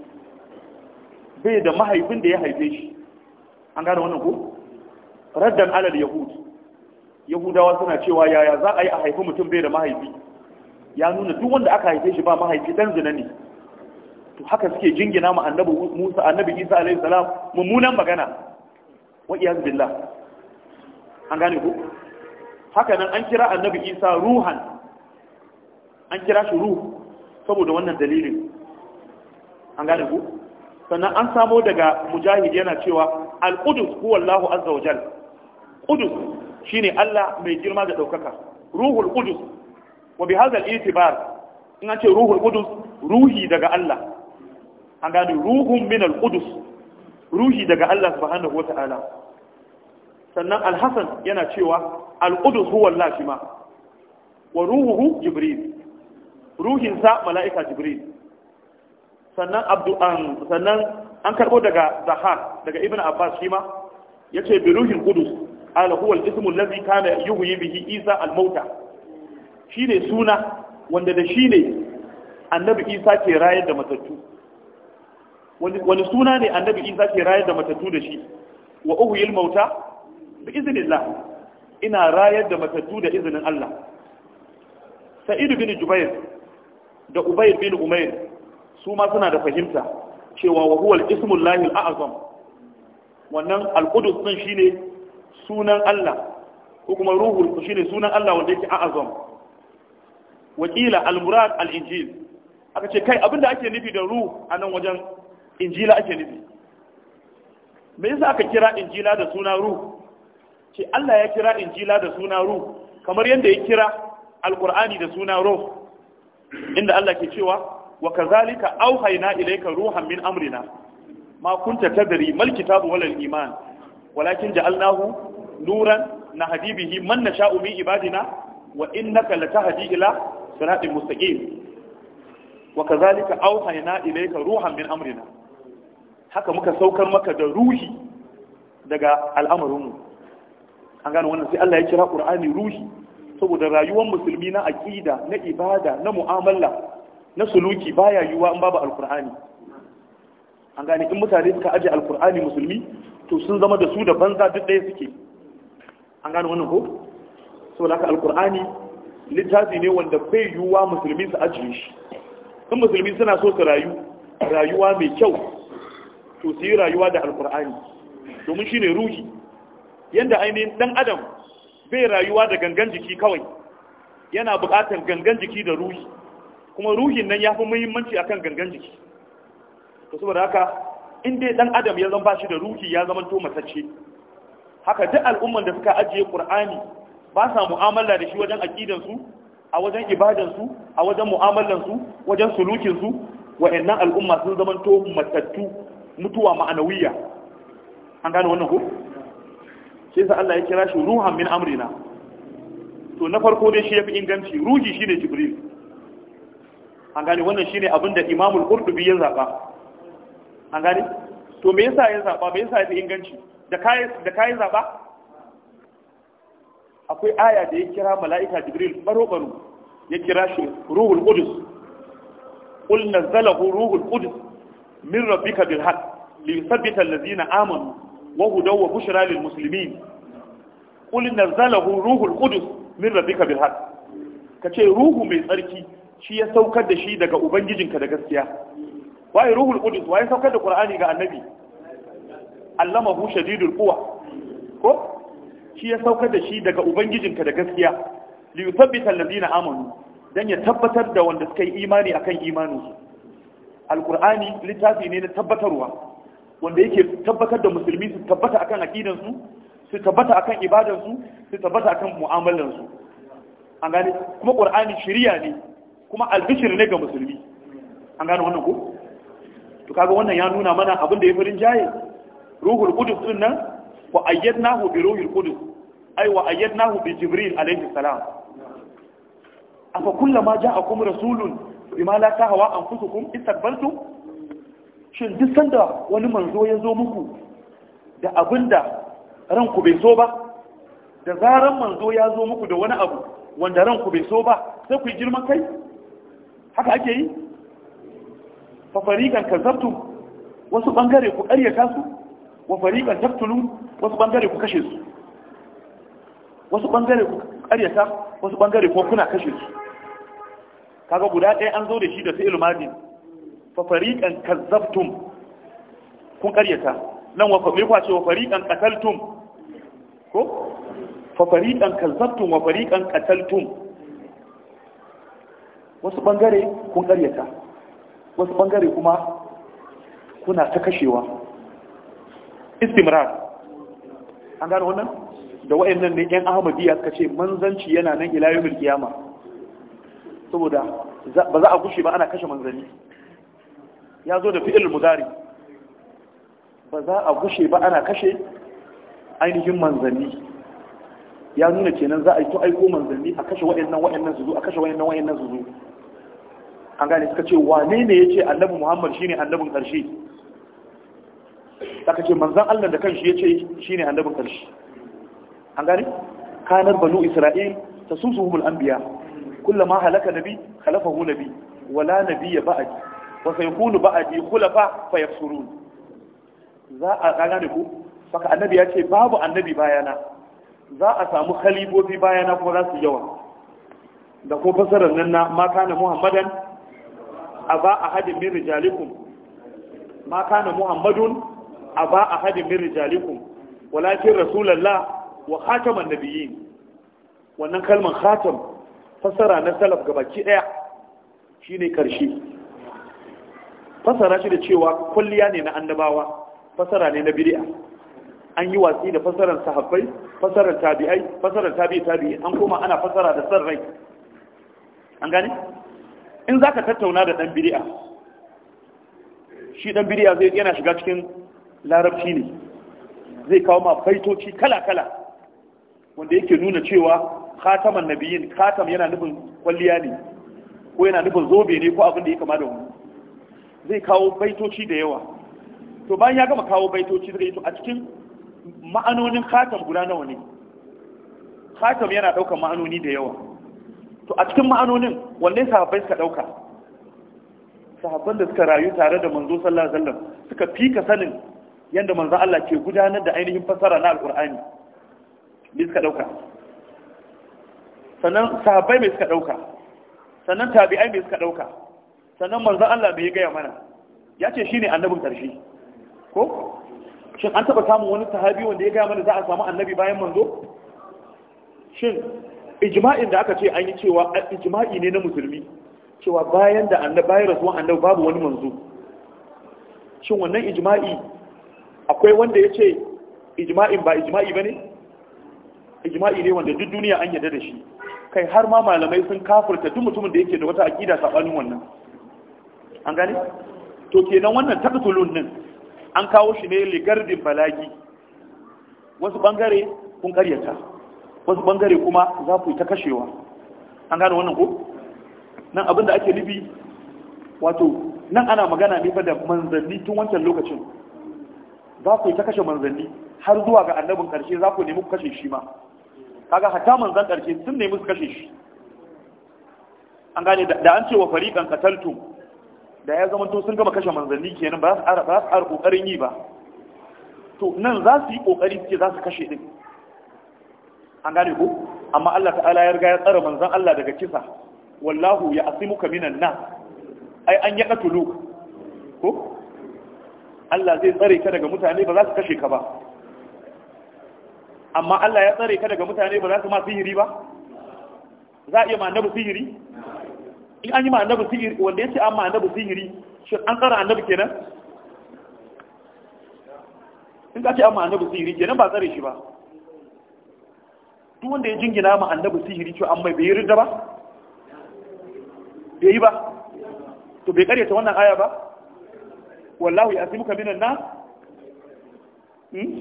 bai da mahaifin da ya haife shi an gane wannan ko raddan alal yahud yahudawa suna cewa yaya za a yi a haifi mutum bai da mahaifi ya nuna duk wanda aka haife shi ba mahaifi dan zina ne to haka suke jingina mu annabi Musa annabi Isa alaihi salam mummunan magana wa billah an gane ku haka nan an kira annabi isa ruhan an kira shi ruh saboda wannan dalilin an gane ku sannan an samo daga mujahid yana cewa al-qudus huwa Allahu azza wa jalla qudus shine Allah mai girma da ɗaukaka. ruhul ƙudus wa bi hadha itibar in an ce ruhul ƙudus, ruhi daga Allah an gane ruhun min al ruhi daga Allah subhanahu wata'ala sannan alhassan yana cewa al'udus huwa Allah shi ma wa ruhuhu jibril ruhinsa mala'ika jibril sannan abdu'an sannan an karbo daga zahar daga ibn abbas shi ma yace bi ruhin qudus ala huwa al-ismu allazi kana yuhyi bihi isa al-mauta shine suna wanda da shine annabi isa ke rayar da matattu wani suna ne annabi isa ke rayar da matattu da shi wa uhu uhuyil mauta izinin, iznillah ina rayar da matattu da izinin Allah Sa'idu bin jubair da ubayr bin umayr su ma suna da fahimta cewa wa huwa al-ismul lahi al-a'zam wannan al din shine sunan Allah ko kuma ruhul shine sunan Allah wanda yake a'zam wakila al-murad al-injil aka ce kai abinda ake nufi da ruh a nan wajen injila ake nufi me yasa aka kira injila da suna ruh ce Allah ya kira injila da suna ruh kamar yadda ya kira alqur'ani da suna ruh inda Allah ke cewa wa kazalika auhayna ilayka ruhan min amrina ma kunta tadri mal kitabu wal iman walakin ja'alnahu nuran nahdi bihi man nasha'u min ibadina wa innaka latahdi ila siratin mustaqim wa kazalika auhayna ilayka ruhan min amrina haka muka saukar maka da ruhi daga al'amarinmu an gane wannan sai Allah ya kira Qur'ani ruhi saboda rayuwar musulmi na aqida na ibada na mu'amala na suluki baya yiwuwa in babu alqur'ani an gane in mutane suka aje alqur'ani musulmi to sun zama da su da banza duk ɗaya suke an gane wannan ko saboda haka alqur'ani littafi ne wanda bai yiwuwa musulmi su aje shi in musulmi suna so su rayu rayuwa mai kyau to su yi rayuwa da alkur'ani domin shi ne ruhi yadda ainihin dan adam bai rayuwa da gangan jiki kawai yana buƙatar gangan jiki da ruhi kuma ruhin nan ya fi muhimmanci akan gangan jiki to saboda haka in dai dan adam ya zama bashi da ruhi ya zama to matacce haka duk al'umman da suka ajiye qur'ani ba sa mu'amala da shi wajen aqidan su a wajen ibadan su a wajen mu'amalan su wajen sulukin su wa'annan al'umma sun zama to matattu mutuwa ma'anawiya an gane wannan ko shi yasa Allah ya kira shi ruhan min amrina to na farko dai shi yafi inganci ruhi shine jibril an gane wannan shine abin da Imam al-Qurtubi ya zaba an gane to me yasa ya zaba me yasa yafi inganci da kai da kai zaba akwai aya da ya kira mala'ika jibril baro baro ya kira shi ruhul qudus qul nazzalahu ruhul qudus min rabbika bil haqq li yuthabbita allazina amanu wa hudaw wa bushra lil muslimin qul nazzalahu ruhul qudus min rabbika bil haqq kace ruhu mai tsarki shi ya saukar da shi daga ubangijinka da gaskiya waye ruhul qudus waye saukar da qur'ani ga annabi allamahu shadidul quwa ko shi ya saukar da shi daga ubangijinka da gaskiya amanu dan ya tabbatar da wanda suka yi imani akan imaninsu alkur'ani littafi ne na tabbatarwa wanda yake tabbatar da musulmi su tabbata akan aqidansu su tabbata akan ibadansu su tabbata akan mu'amalansu an gane kuma qur'ani shiriya ne kuma albishir ne ga musulmi an gane wannan ko to kaga wannan ya nuna mana abin da ya farin jaye ruhul qudus din nan wa ayyadnahu bi ruhil qudus ay wa ayyadnahu bi jibril alayhi salam afa kullama ja'akum rasulun bima la ta hawa an fusukum istakbaltum shin duk sanda wani manzo ya zo muku da ran ranku bai so ba da zaran manzo ya zo muku da wani abu wanda ranku bai so ba sai ku yi girman kai haka ake yi fa farigan kazabtu wasu bangare ku ƙaryata su wa farigan taftulu wasu bangare ku kashe su wasu bangare ku karyata, wasu bangare ko kuna kashe su kaga guda ɗaya an zo da shi da fi'il madi fa fariqan kazzabtum kun karyata nan wa fa kwace wa fariqan qataltum ko fa fariqan kazzabtum wa fariqan qataltum wasu bangare kun karyata wasu bangare kuma kuna ta kashewa istimrar an gano wannan da wa'annan ne yan ahmadiyya suka ce manzanci yana nan ila yawmil qiyamah saboda ba za a gushe ba ana kashe manzanni ya zo da fi'il mudari ba za a gushe ba ana kashe ainihin manzanni ya nuna kenan za a yi to aiko manzanni a kashe waɗannan waɗannan su zo a kashe waɗannan waɗannan su zo an gane suka ce wane ne ya ce annabi muhammad shine annabin ƙarshe Saka ce manzan allah da kanshi ya ce shine annabin ƙarshe an gane kanar banu isra'il ta sun suhumul anbiya kullama halaka nabi khalafahu nabi wala nabiyya ba'di wa sayakunu ba'di khulafa fayasurun za a kana ne ko saka annabi ya ce babu annabi bayana za a samu khalifofi bayana ko za su yawa da ko fasarar nan na ma kana muhammadan aba ahadin min rijalikum ma kana muhammadun aba ahadin min rijalikum walakin rasulullah wa khataman nabiyyin wannan kalmar khatam fasara na salaf gabaki daya shine karshe fasara shi da cewa kulliya ne na annabawa fasara ne na bidiya an yi watsi da fasaran sahabbai fasaran tabi'ai fasaran tabi'i tabi'i an koma ana fasara da san rai an gane in zaka tattauna da dan bidiya shi dan bidiya zai yana shiga cikin larabci ne zai kawo ma faitoci kala-kala wanda yake nuna cewa khataman nabiyin khatam yana nufin kwalliya ne ko yana nufin zobe ne ko abin da ya kama da wani zai kawo baitoci da yawa to bayan ya gama kawo baitoci zai to a cikin ma'anonin khatam guda nawa ne khatam yana daukar ma'anoni da yawa to a cikin ma'anonin wanne sahabbai suka ɗauka sahabban da suka rayu tare da manzo sallallahu alaihi wasallam suka fika sanin yadda manzo Allah ke gudanar da ainihin fasara na alqur'ani ne suka ɗauka sannan sahabbai mai suka ɗauka sannan tabi'ai mai suka ɗauka sannan manzan Allah mai gaya mana ya ce shi ne annabin ƙarshe ko shin an taɓa samun wani sahabi wanda ya gaya mana za a samu annabi bayan manzo shin ijma'in da aka ce an yi cewa ijma'i ne na musulmi cewa bayan da annabi bayan rasuwan annabi babu wani manzo shin wannan ijma'i akwai wanda ya ce ijma'in ba ijma'i ba ne ijma'i ne wanda duk duniya an yarda da shi kai har ma malamai sun kafurta duk mutumin da yake da wata aqida saɓanin wannan an gane to kenan wannan taktulun nan an kawo shi ne ligardin balagi wasu bangare kun karyata wasu bangare kuma za ku yi ta kashewa an gane wannan ko nan abin da ake nufi wato nan ana magana ne fa da manzanni tun wancan lokacin za ku yi ta kashe manzanni har zuwa ga annabin karshe za ku nemi ku kashe shi ma kaga hatta manzan karshe sun nemi su kashe shi an gane da an ce wa fariƙan kataltu da ya zama to sun gama kashe manzanni kenan ba za su ƙara ƙoƙarin yi ba to nan za su yi ƙoƙari suke za su kashe ɗin an gane ko amma Allah ta'ala ya riga ya tsara manzan Allah daga kisa wallahu ya asimuka minan na ai an ya katulu ko Allah zai tsare ka daga mutane ba za su kashe ka ba amma Allah ya tsare ka daga mutane ba za su ma sihiri ba za a iya ma annabi sihiri in an yi ma annabi sihiri wanda ya ce an ma annabi sihiri shi an tsara annabi kenan in ka ce an ma annabi sihiri kenan ba tsare shi ba duk wanda ya jingina ma annabi sihiri cewa an mai bai da ba da yi ba to bai karyata wannan aya ba wallahu ya fi muka minan na? Hmm?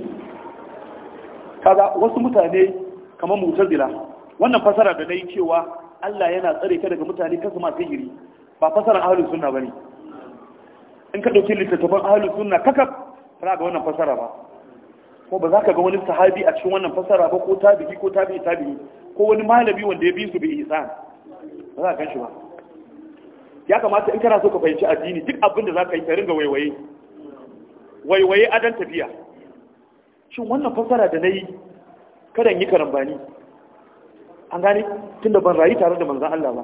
kaga wasu mutane kamar mutazila wannan fasara da nayi cewa Allah yana tsare ka daga mutane kasu ma sihiri ba fasara ahlus sunna bane in ka dauki littattafan ahlus sunna kakab ba ga wannan fasara ba ko ba za ka ga wani sahabi a cikin wannan fasara ba ko tabi'i ko tabi'i tabi'i ko wani malami wanda ya bi su bi ihsan ba za ka ganshi ba ya kamata in kana so ka fahimci addini duk abin da za ka yi ka ringa waiwaye waiwaye adan tafiya shin wannan fassara da na yi kada yi karambani an gane tunda ban rayu tare da manzan Allah ba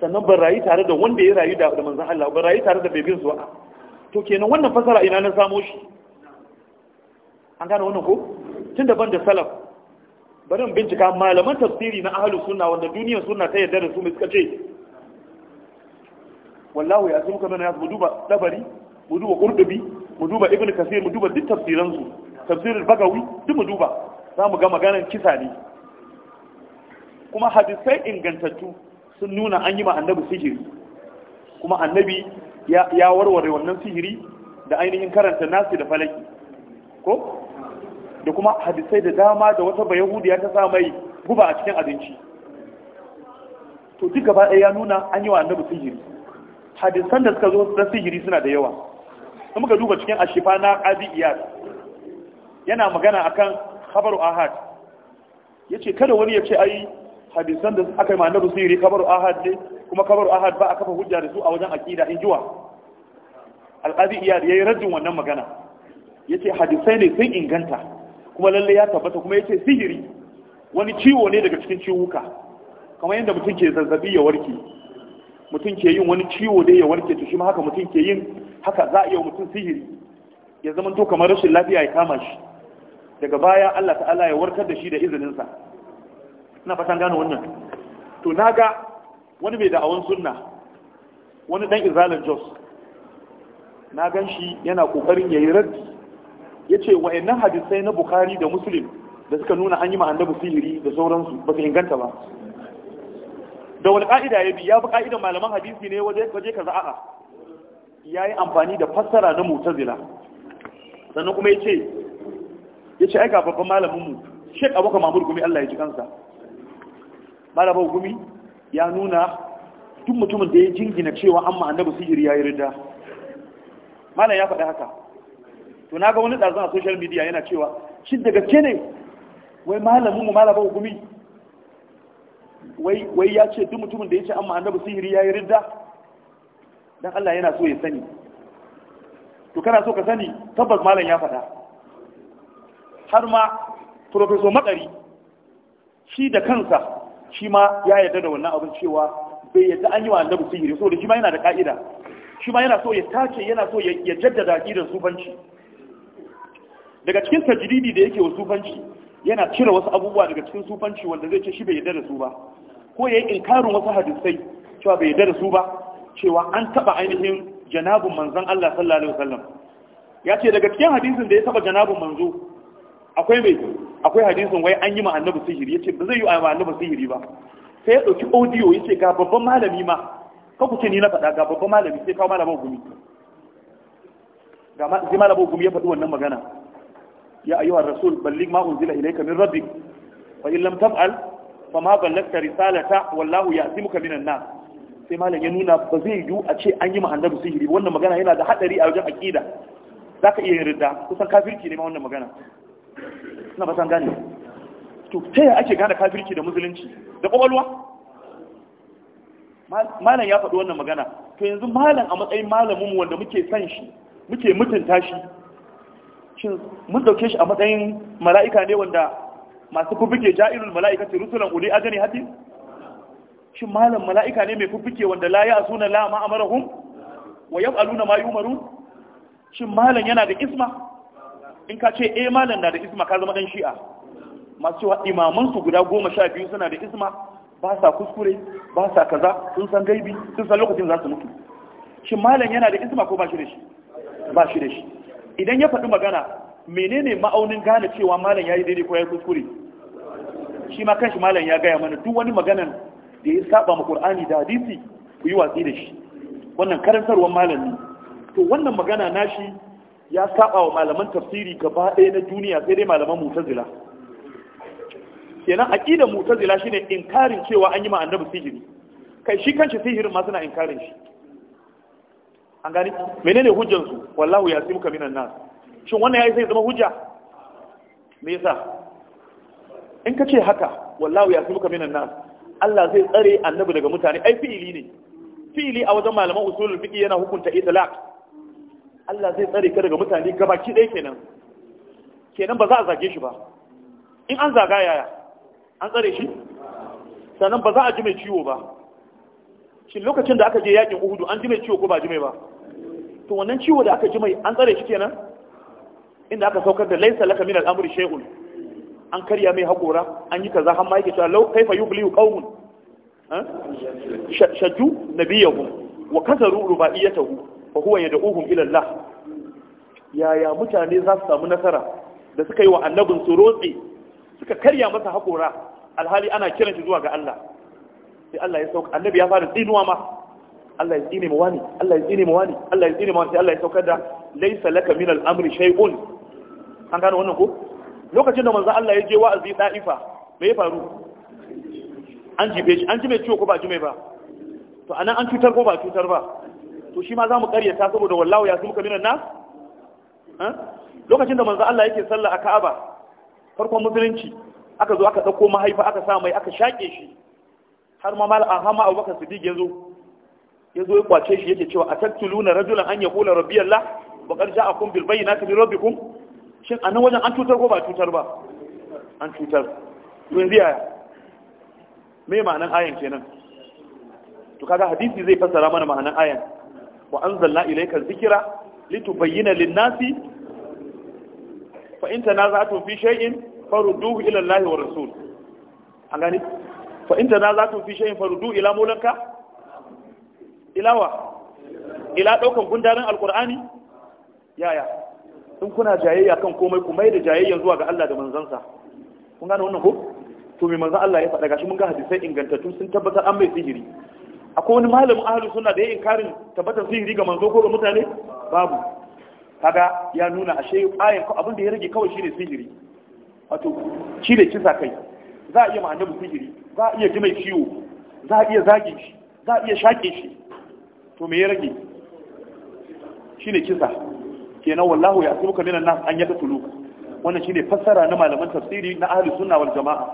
sannan ban rayu tare da wanda ya rayu da manzan Allah ban rayu tare da bebin zuwa to kenan wannan fassara ina na samo shi an gane wannan ko tunda ban da salaf bari in bincika malaman tafsiri na ahlus sunna wanda duniyar sunna ta yarda da su mai suka ce wallahu ya zuka mana ya duba dabari mu duba qurtubi mu duba ibnu kasir mu duba duk tafsiransu tafsirin bagawi duk mu duba za mu ga maganar kisa ne kuma hadisai ingantattu sun nuna an yi ma annabi sihiri kuma annabi ya warware wannan sihiri da ainihin karanta nasi da falaki ko da kuma hadisai da dama da wata yahudiya ta sa mai guba a cikin abinci to duk gaba ɗaya ya nuna an yi wa annabi sihiri hadisan da suka zo na sihiri suna da yawa in muka duba cikin ashifa na qadi iyad yana magana akan khabaru ahad yace kada wani ya ce ai hadisan da aka yi annabi sirri khabaru ahad ne kuma khabaru ahad ba a kafa hujja da su a wajen aqida in jiwa alqadi iyad yayi raddin wannan magana yace hadisai ne sun inganta kuma lalle ya tabbata kuma yace sihiri wani ciwo ne daga cikin ciwuka kamar yadda mutum ke zazzabi ya warke mutum ke yin wani ciwo da ya warke to shi ma haka mutum ke yin haka za a iya mutum sihiri ya zama to kamar rashin lafiya ya kama shi daga baya Allah ta'ala ya warkar da shi da izininsa ina fatan gano wannan to naga wani mai da'awan sunna wani dan izalin jos na gan shi yana kokarin yi raddi yace wayannan hadisai na bukhari da muslim da suka nuna an yi ma annabi sihiri da sauransu ba su inganta ba da wani ka'ida ya bi ya fi ka'idan malaman hadisi ne waje waje kaza a'a yayi amfani da fassara na mutazila sannan kuma ya ce. ya ce aika babban malaminmu shek abokan mamur gumi allah ya ji kansa malamin gumi ya nuna duk mutumin da ya jingina cewa amma annabi sihiri ya yi rida malam ya faɗi haka to na ga wani ɗazan a social media yana cewa shi da gaske ne wai malamin mu malamin gumi wai ya ce duk mutumin da ya ce amma annabi sihiri ya yi rida dan allah yana so ya sani to kana so ka sani tabbas malam ya faɗa har ma professor makari shi da kansa shi ma ya yarda da wannan abin cewa bai yarda an yi wa annabi sihiri saboda shi ma yana da ka'ida shi ma yana so ya tace yana so ya jaddada aqidar sufanci daga cikin tajridi da yake wa sufanci yana cire wasu abubuwa daga cikin sufanci wanda zai ce shi bai yarda da su ba ko yayi inkarin wasu hadisai cewa bai yarda da su ba cewa an taba ainihin janabun manzon Allah sallallahu alaihi wasallam ya ce daga cikin hadisin da ya taba janabun manzo akwai mai akwai hadisin wai an yi ma annabi sihiri yace ba zai yi ma annabi sihiri ba sai ya dauki audio yace ga babban malami ma ka ku ce ni na faɗa ga babban malami sai kawo malamin gumi ga ma sai malamin gumi ya faɗi wannan magana ya ayyuhar rasul balligh ma unzila ilayka min rabbik wa illam taf'al fa ma ballagta risalata wallahu ya'zimuka minan nas sai malam ya nuna ba zai yiwu a ce an yi ma annabi sihiri wannan magana yana da hadari a wajen aqida zaka iya yin ridda kusan kafirci ne ma wannan magana suna fatan gane to ta yi ake gane kafirki da musulunci da kwakwalwa malam ya faɗi wannan magana to yanzu malam a matsayin malaminmu wanda muke san shi muke mutunta shi shin mun dauke shi a matsayin mala'ika ne wanda masu fufuke ja'irul ce rusulan uli ajani hadin shin malam mala'ika ne mai fufuke wanda la ya suna la ma amarahum wa yaf'aluna ma yumarun shin malam yana da isma in ka ce eh malam na da isma ka zama dan shi'a masu cewa imaman su guda goma sha biyu suna da isma ba sa kuskure ba sa kaza sun san gaibi sun san lokacin za su mutu shi malam yana da isma ko ba shi da shi ba shi da shi idan ya faɗi magana menene ma'aunin gane cewa malam ya yi daidai ko ya kuskure shi ma kanshi malam ya gaya mana duk wani maganan da ya saba ma qur'ani da hadisi ku yi watsi da shi wannan karantarwar malam ne to wannan magana nashi ya saba wa malaman tafsiri gaba ɗaya na duniya sai dai malaman mutazila kenan aqida mutazila shine inkarin cewa an yi ma annabi sihiri kai shi kanshi sihirin ma suna inkarin shi an gani menene hujjar su wallahu yasimuka minan nas shin wannan yayi sai zama hujja me yasa in ka ce haka wallahu yasimuka minan nas Allah zai tsare annabi daga mutane ai fi'ili ne fi'ili a wajen malaman usulul fiqh yana hukunta itlaq Allah zai tsare ka daga mutane gabaki ɗaya kenan kenan ba za a zage shi ba in an zaga yaya an tsare shi sannan ba za a ji mai ciwo ba shi lokacin da aka je yakin uhudu an ji mai ciwo ko ba ji mai ba to wannan ciwo da aka ji mai an tsare shi kenan inda aka saukar da laisa laka min al'amri shay'un an karya mai hakora an yi kaza har ma yake cewa law kaifa yubliu qaumun shajju nabiyahum wa kasaru rubaiyatahu fa huwa yad'uhum ila Allah yaya mutane za su samu nasara da suka yi wa annabin su rotse suka karya masa hakora alhali ana kiran shi zuwa ga Allah sai Allah ya sauka annabi ya fara tsinuwa ma Allah ya tsine mu wani Allah ya tsine mu wani Allah ya tsine mu wani sai Allah ya saukar da laysa laka min al-amri shay'un an gano wannan ko lokacin da manzo Allah ya je wa'azi da'ifa me ya faru an jibe shi an jibe ciwo ko ba ji ba to anan an cutar ko ba cutar ba to shi ma za mu karyata saboda wallahu ya sun minan na? lokacin da manzo Allah yake sallah a Ka'aba farkon musulunci aka zo aka dauko mahaifa aka sa mai aka shake shi har ma mal ahama Abubakar Siddiq yazo yazo ya kwace shi yake cewa ataktuluna rajulan an yaqula rabbiyallah wa qad ja'akum bil bayyinati min rabbikum shin anan wajen an tutar ko ba tutar ba an cutar yanzu ya me ma'anan ayan kenan to kaga hadisi zai fassara mana ma'anan ayan wa anzalna ilayka dhikra litubayyana lin-nasi fa in tanaza'tum fi shay'in farudduhu ila Allah wa rasul an gani fa in tanaza'tum fi shay'in farudduhu ila mulaka ila wa ila daukan gundarin alqur'ani yaya in kuna jayayya kan komai da jayayya zuwa ga Allah da manzansa kun gane wannan ko to me manzon Allah ya faɗa gashi mun ga hadisai ingantattu sun tabbatar an mai sihiri akwai wani malamin ahalin suna da ya inkarin tabbatar sihiri ga manzo ko ga mutane babu kaga ya nuna ashe ayan ko abin da ya rage kawai shine sihiri wato shi ne kisa kai za a iya ma annabi sihiri za a iya ji mai ciwo za a iya zagin shi za a iya shaƙe shi to me ya rage shine kisa kenan wallahu ya tuka minan nas an yata tulu wannan shine fassara na malaman tafsiri na ahalin sunna wal jamaa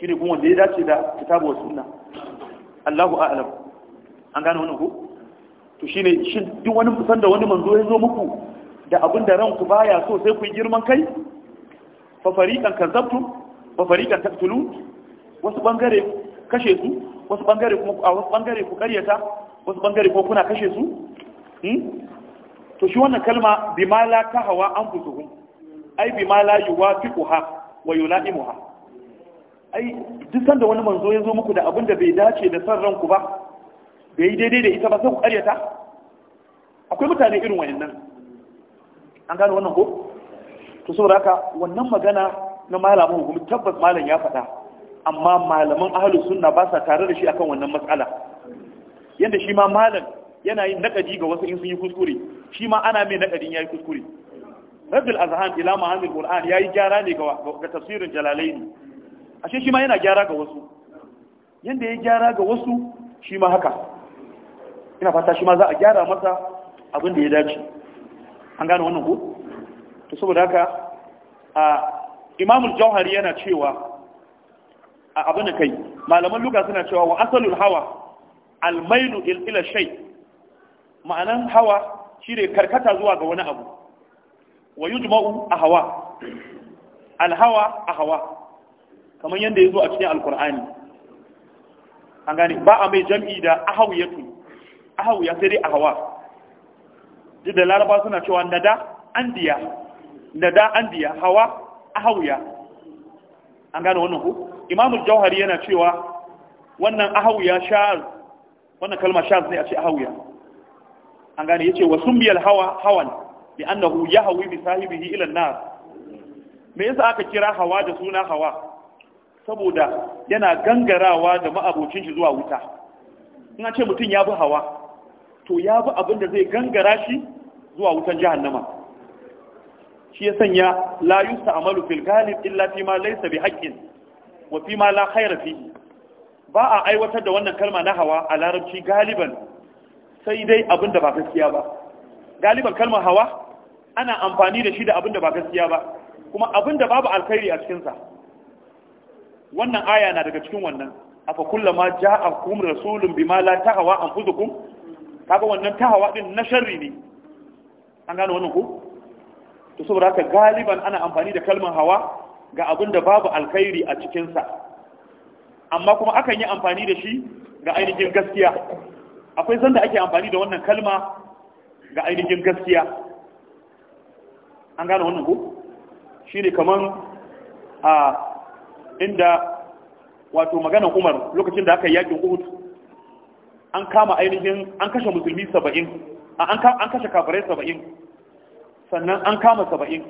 shine kuma wanda ya dace da kitabu suna. sunna Allahu a'lam an gane wannan ku to shine shin duk wani musan da wani manzo ya zo muku da abin da ranku baya so sai ku yi girman kai fa fariqan kazzabtum fa fariqan taqtulun wasu bangare kashe su wasu bangare kuma a wasu bangare ku karyata wasu bangare ko kuna kashe su hmm? to shi wannan kalma bima la tahawa anfusuhum ai bima la yuwafiquha wa yulaimuha ai duk sanda wani manzo ya zo muku da abin da bai dace da san ranku ba bai daidai da ita ba sai ku karyata akwai mutane irin wayannan an gano wannan ko to saboda haka wannan magana na malamin hukumi tabbas malam ya faɗa amma malaman ahlus sunna ba sa tare da shi akan wannan matsala yanda shi ma malam yana yin nakadi ga wasu in sun yi kuskure shi ma ana mai nakadin yayi kuskure rabbul azhan ila ma'anil qur'an yayi gyara ne ga tafsirin jalalaini ashe shi ma yana gyara ga wasu yadda ya gyara ga wasu shi ma haka ina fata shi ma za a gyara masa abin da ya dace an gane wannan ku to saboda haka a imamul jauhari yana cewa a abin da kai malaman luka suna cewa wa asalul hawa almailu ila shay ma'anan hawa ne karkata zuwa ga wani abu wa yujma'u a hawa alhawa a hawa kamar yadda ya zo a cikin alkur'ani an gane ba a mai jam'i da ahawiyatu ahawiya sai dai ahawa duk da laraba suna cewa nada andiya nada andiya hawa ahawiya an gane wannan ku imamul jauhari yana cewa wannan ahawiya shaz wannan kalma shaz ne a ce ahawiya an gane yace wa sumbiyal hawa hawan bi annahu yahwi bi sahibihi ila nar me yasa aka kira hawa da suna hawa saboda yana gangarawa da ma'abocin shi zuwa wuta in ce mutum ya bi hawa to ya bi abinda zai gangara shi zuwa wutan nama shi ya sanya la yusta'malu fil ghalib illa fi ma laisa bi haƙƙin wa fi ma la haira fihi ba a aiwatar da wannan kalma na hawa a larabci galiban sai dai abin da ba gaskiya ba galiban kalmar hawa ana amfani da shi da abin ba gaskiya ba kuma abinda babu alkhairi a cikinsa wannan aya na daga cikin wannan afa kullama ja'akum rasulun bima la tahawa anfusukum kaga wannan tahawa din na sharri ne an gano wannan ko to saboda haka galiban ana amfani da kalmar hawa ga abin da babu alkhairi a cikin sa amma kuma akan yi amfani da shi ga ainihin gaskiya akwai sanda ake amfani da wannan kalma ga ainihin gaskiya an gano wannan ko shine kaman a ah, inda wato maganan umar lokacin da aka yi yakin uhud an kama ainihin an kashe musulmi saba'in an kashe kafirai saba'in sannan an kama saba'in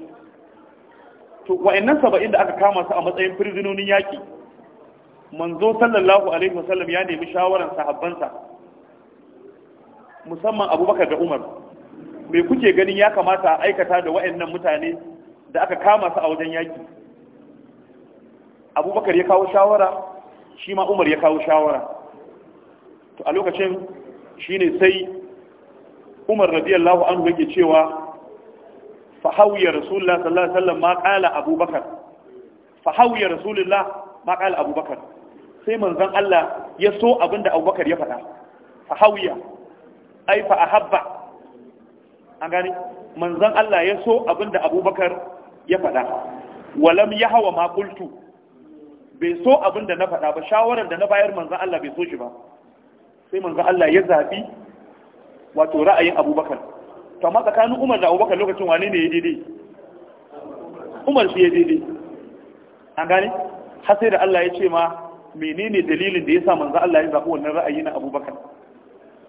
to wa'annan saba'in da aka kama su a matsayin firzinonin yaki manzo sallallahu alaihi wasallam ya nemi shawaran sahabbansa musamman abubakar da umar me kuke ganin ya kamata a aikata da wa'annan mutane da aka kama su a wajen yaki abubakar ya kawo shawara shi ma umar ya kawo shawara to a lokacin shi ne sai umar radiyallahu anhu yake cewa fa hawiya rasulullah sallallahu alaihi wasallam ma kala abubakar fa hawiya rasulullah ma kala abubakar sai manzon Allah ya so abinda abubakar ya faɗa fa hawiya ai fa a ahabba an gani manzon Allah ya so abinda abubakar ya faɗa walam yahwa ma qultu bai so abin da na faɗa ba shawarar da na bayar manzan Allah bai so shi ba sai manzan Allah ya zaɓi wato ra'ayin abubakar to amma tsakanin umar da abubakar lokacin wane ne ya daidai umar shi ya daidai an gane har sai da Allah ya ce ma menene dalilin da yasa manzan Allah ya zaɓi wannan ra'ayi na abubakar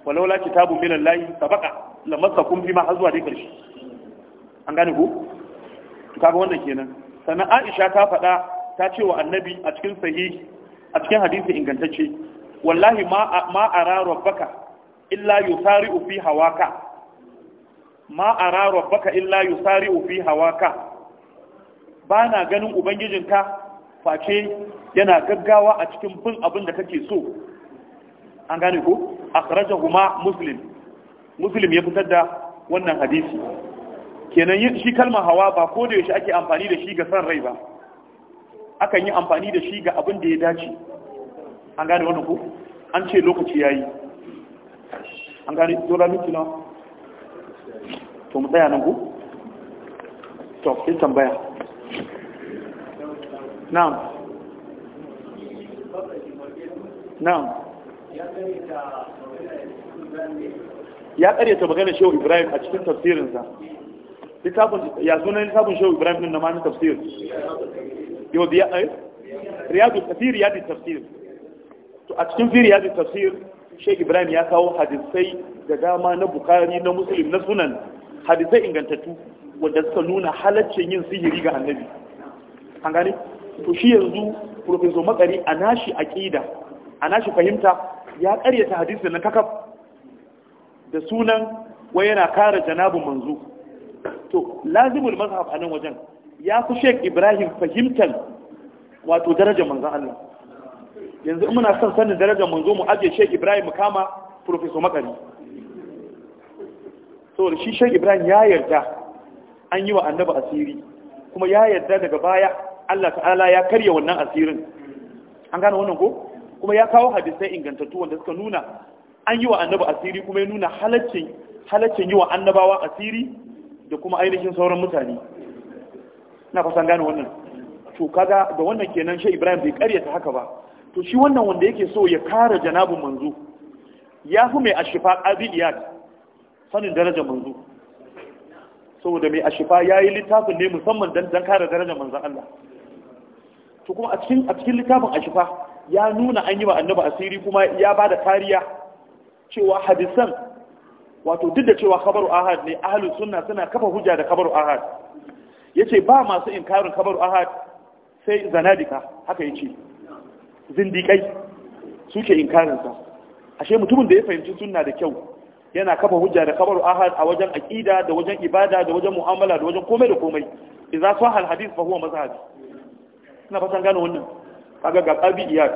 la kitabu min Allah sabaqa lamassakum bima hazwa dai karshe an gane ko to kaga wannan kenan sannan Aisha ta faɗa ta ce wa annabi a cikin sahihi a cikin hadisi ingantacce wallahi ma a ara rabbaka illa yusari'u fi hawaka ma ara rabbaka illa yusari'u fi hawaka na ganin ubangijinka face yana gaggawa a cikin bin abin da kake so an gane ko kuma muslim muslim ya fitar da wannan hadisi kenan shi kalmar hawa ba ko da yaushe ake amfani da shi ga san rai ba akan yi amfani da shi ga abin da ya dace an gane wannan ko an ce lokaci yayi an gane dora miki na to mu tsaya nan ko to sai tambaya na'am na'am ya karyata magana shehu ibrahim a cikin tafsirinsa littafin ya sunan sabon shehu ibrahim din na mani tafsir yau biya riyadu tafsir riyadu tafsir to a cikin fi riyadu tafsir Sheikh Ibrahim ya kawo hadisai da dama na Bukhari na musulun na Sunan hadisai ingantattu wanda suka nuna halaccin yin sihiri ga Annabi an gane to shi yanzu Professor Makari a nashi aƙida a nashi fahimta ya karyata hadisi na kakaf da sunan wai yana kare janabin manzo to lazimul mazhab a nan wajen ya fi Sheikh Ibrahim fahimtar wato darajar manzan Allah yanzu muna son sanin darajar manzo mu ajiye Sheikh Ibrahim mu kama Professor Makari saboda shi Sheikh Ibrahim ya yarda an yi wa annaba asiri kuma ya yarda daga baya Allah ta'ala ya karya wannan asirin an gane wannan ko kuma ya kawo hadisai ingantattu wanda suka nuna an yi wa annaba asiri kuma ya nuna halaccin halaccin yi wa annabawa asiri da kuma ainihin sauran mutane ina kusan gane wannan to kaga da wannan kenan shi ibrahim bai karyata haka ba to shi wannan wanda yake so ya kare janabin manzo ya fi mai ashifa qabiliyat sanin darajar manzo saboda mai ashifa yayi littafin ne musamman dan dan kare darajar manzon Allah to kuma a cikin littafin ashifa ya nuna an yi wa annaba asiri kuma ya bada kariya cewa hadisan wato duk da cewa khabaru ahad ne ahlus sunna suna kafa hujja da Kabaru ahad Ya ce ba masu inkarin kabaru ahad sai zanadika haka ce. zindikai suke inkarin sa ashe mutumin da ya fahimci suna da kyau yana kafa hujja da kabaru ahad a wajen aqida da wajen ibada da wajen mu'amala da wajen komai da komai idza hal hadith fa huwa mazhab ina fatan gano wannan kaga ga qabi iyad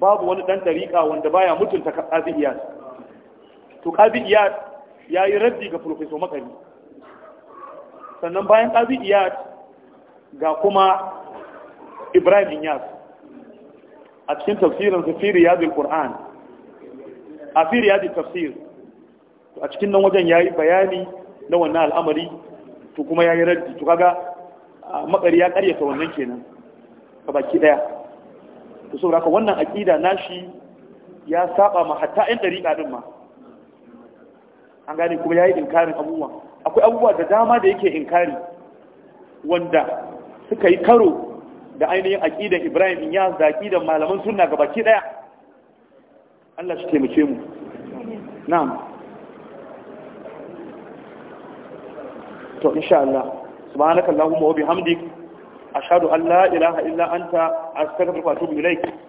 babu wani dan dariqa wanda baya mutunta qabi iyad to qabi iyad yayi raddi ga professor makari sannan bayan ƙazi iyad ga kuma ibrahim inyas a cikin tafsirin ya yazil ƙur'an a firi yazil tafsir a cikin nan wajen ya yi bayani na wannan al'amari to kuma ya yi raddi to kaga makari ya karyata wannan kenan ka baki daya to saboda haka wannan aqida nashi ya saba ma hatta 'yan ɗari din ma an gane kuma ya yi ɗinkarin abubuwa akwai abubuwa da dama da yake inkari wanda suka yi karo da ainihin aƙidan ibrahim in da malaman sunna ga baki ɗaya allah shi taimake mu na'am to insha Allah subhanakallahumma wa bihamdik ashhadu an la ilaha illa anta astaghfiruka wa atubu ilaik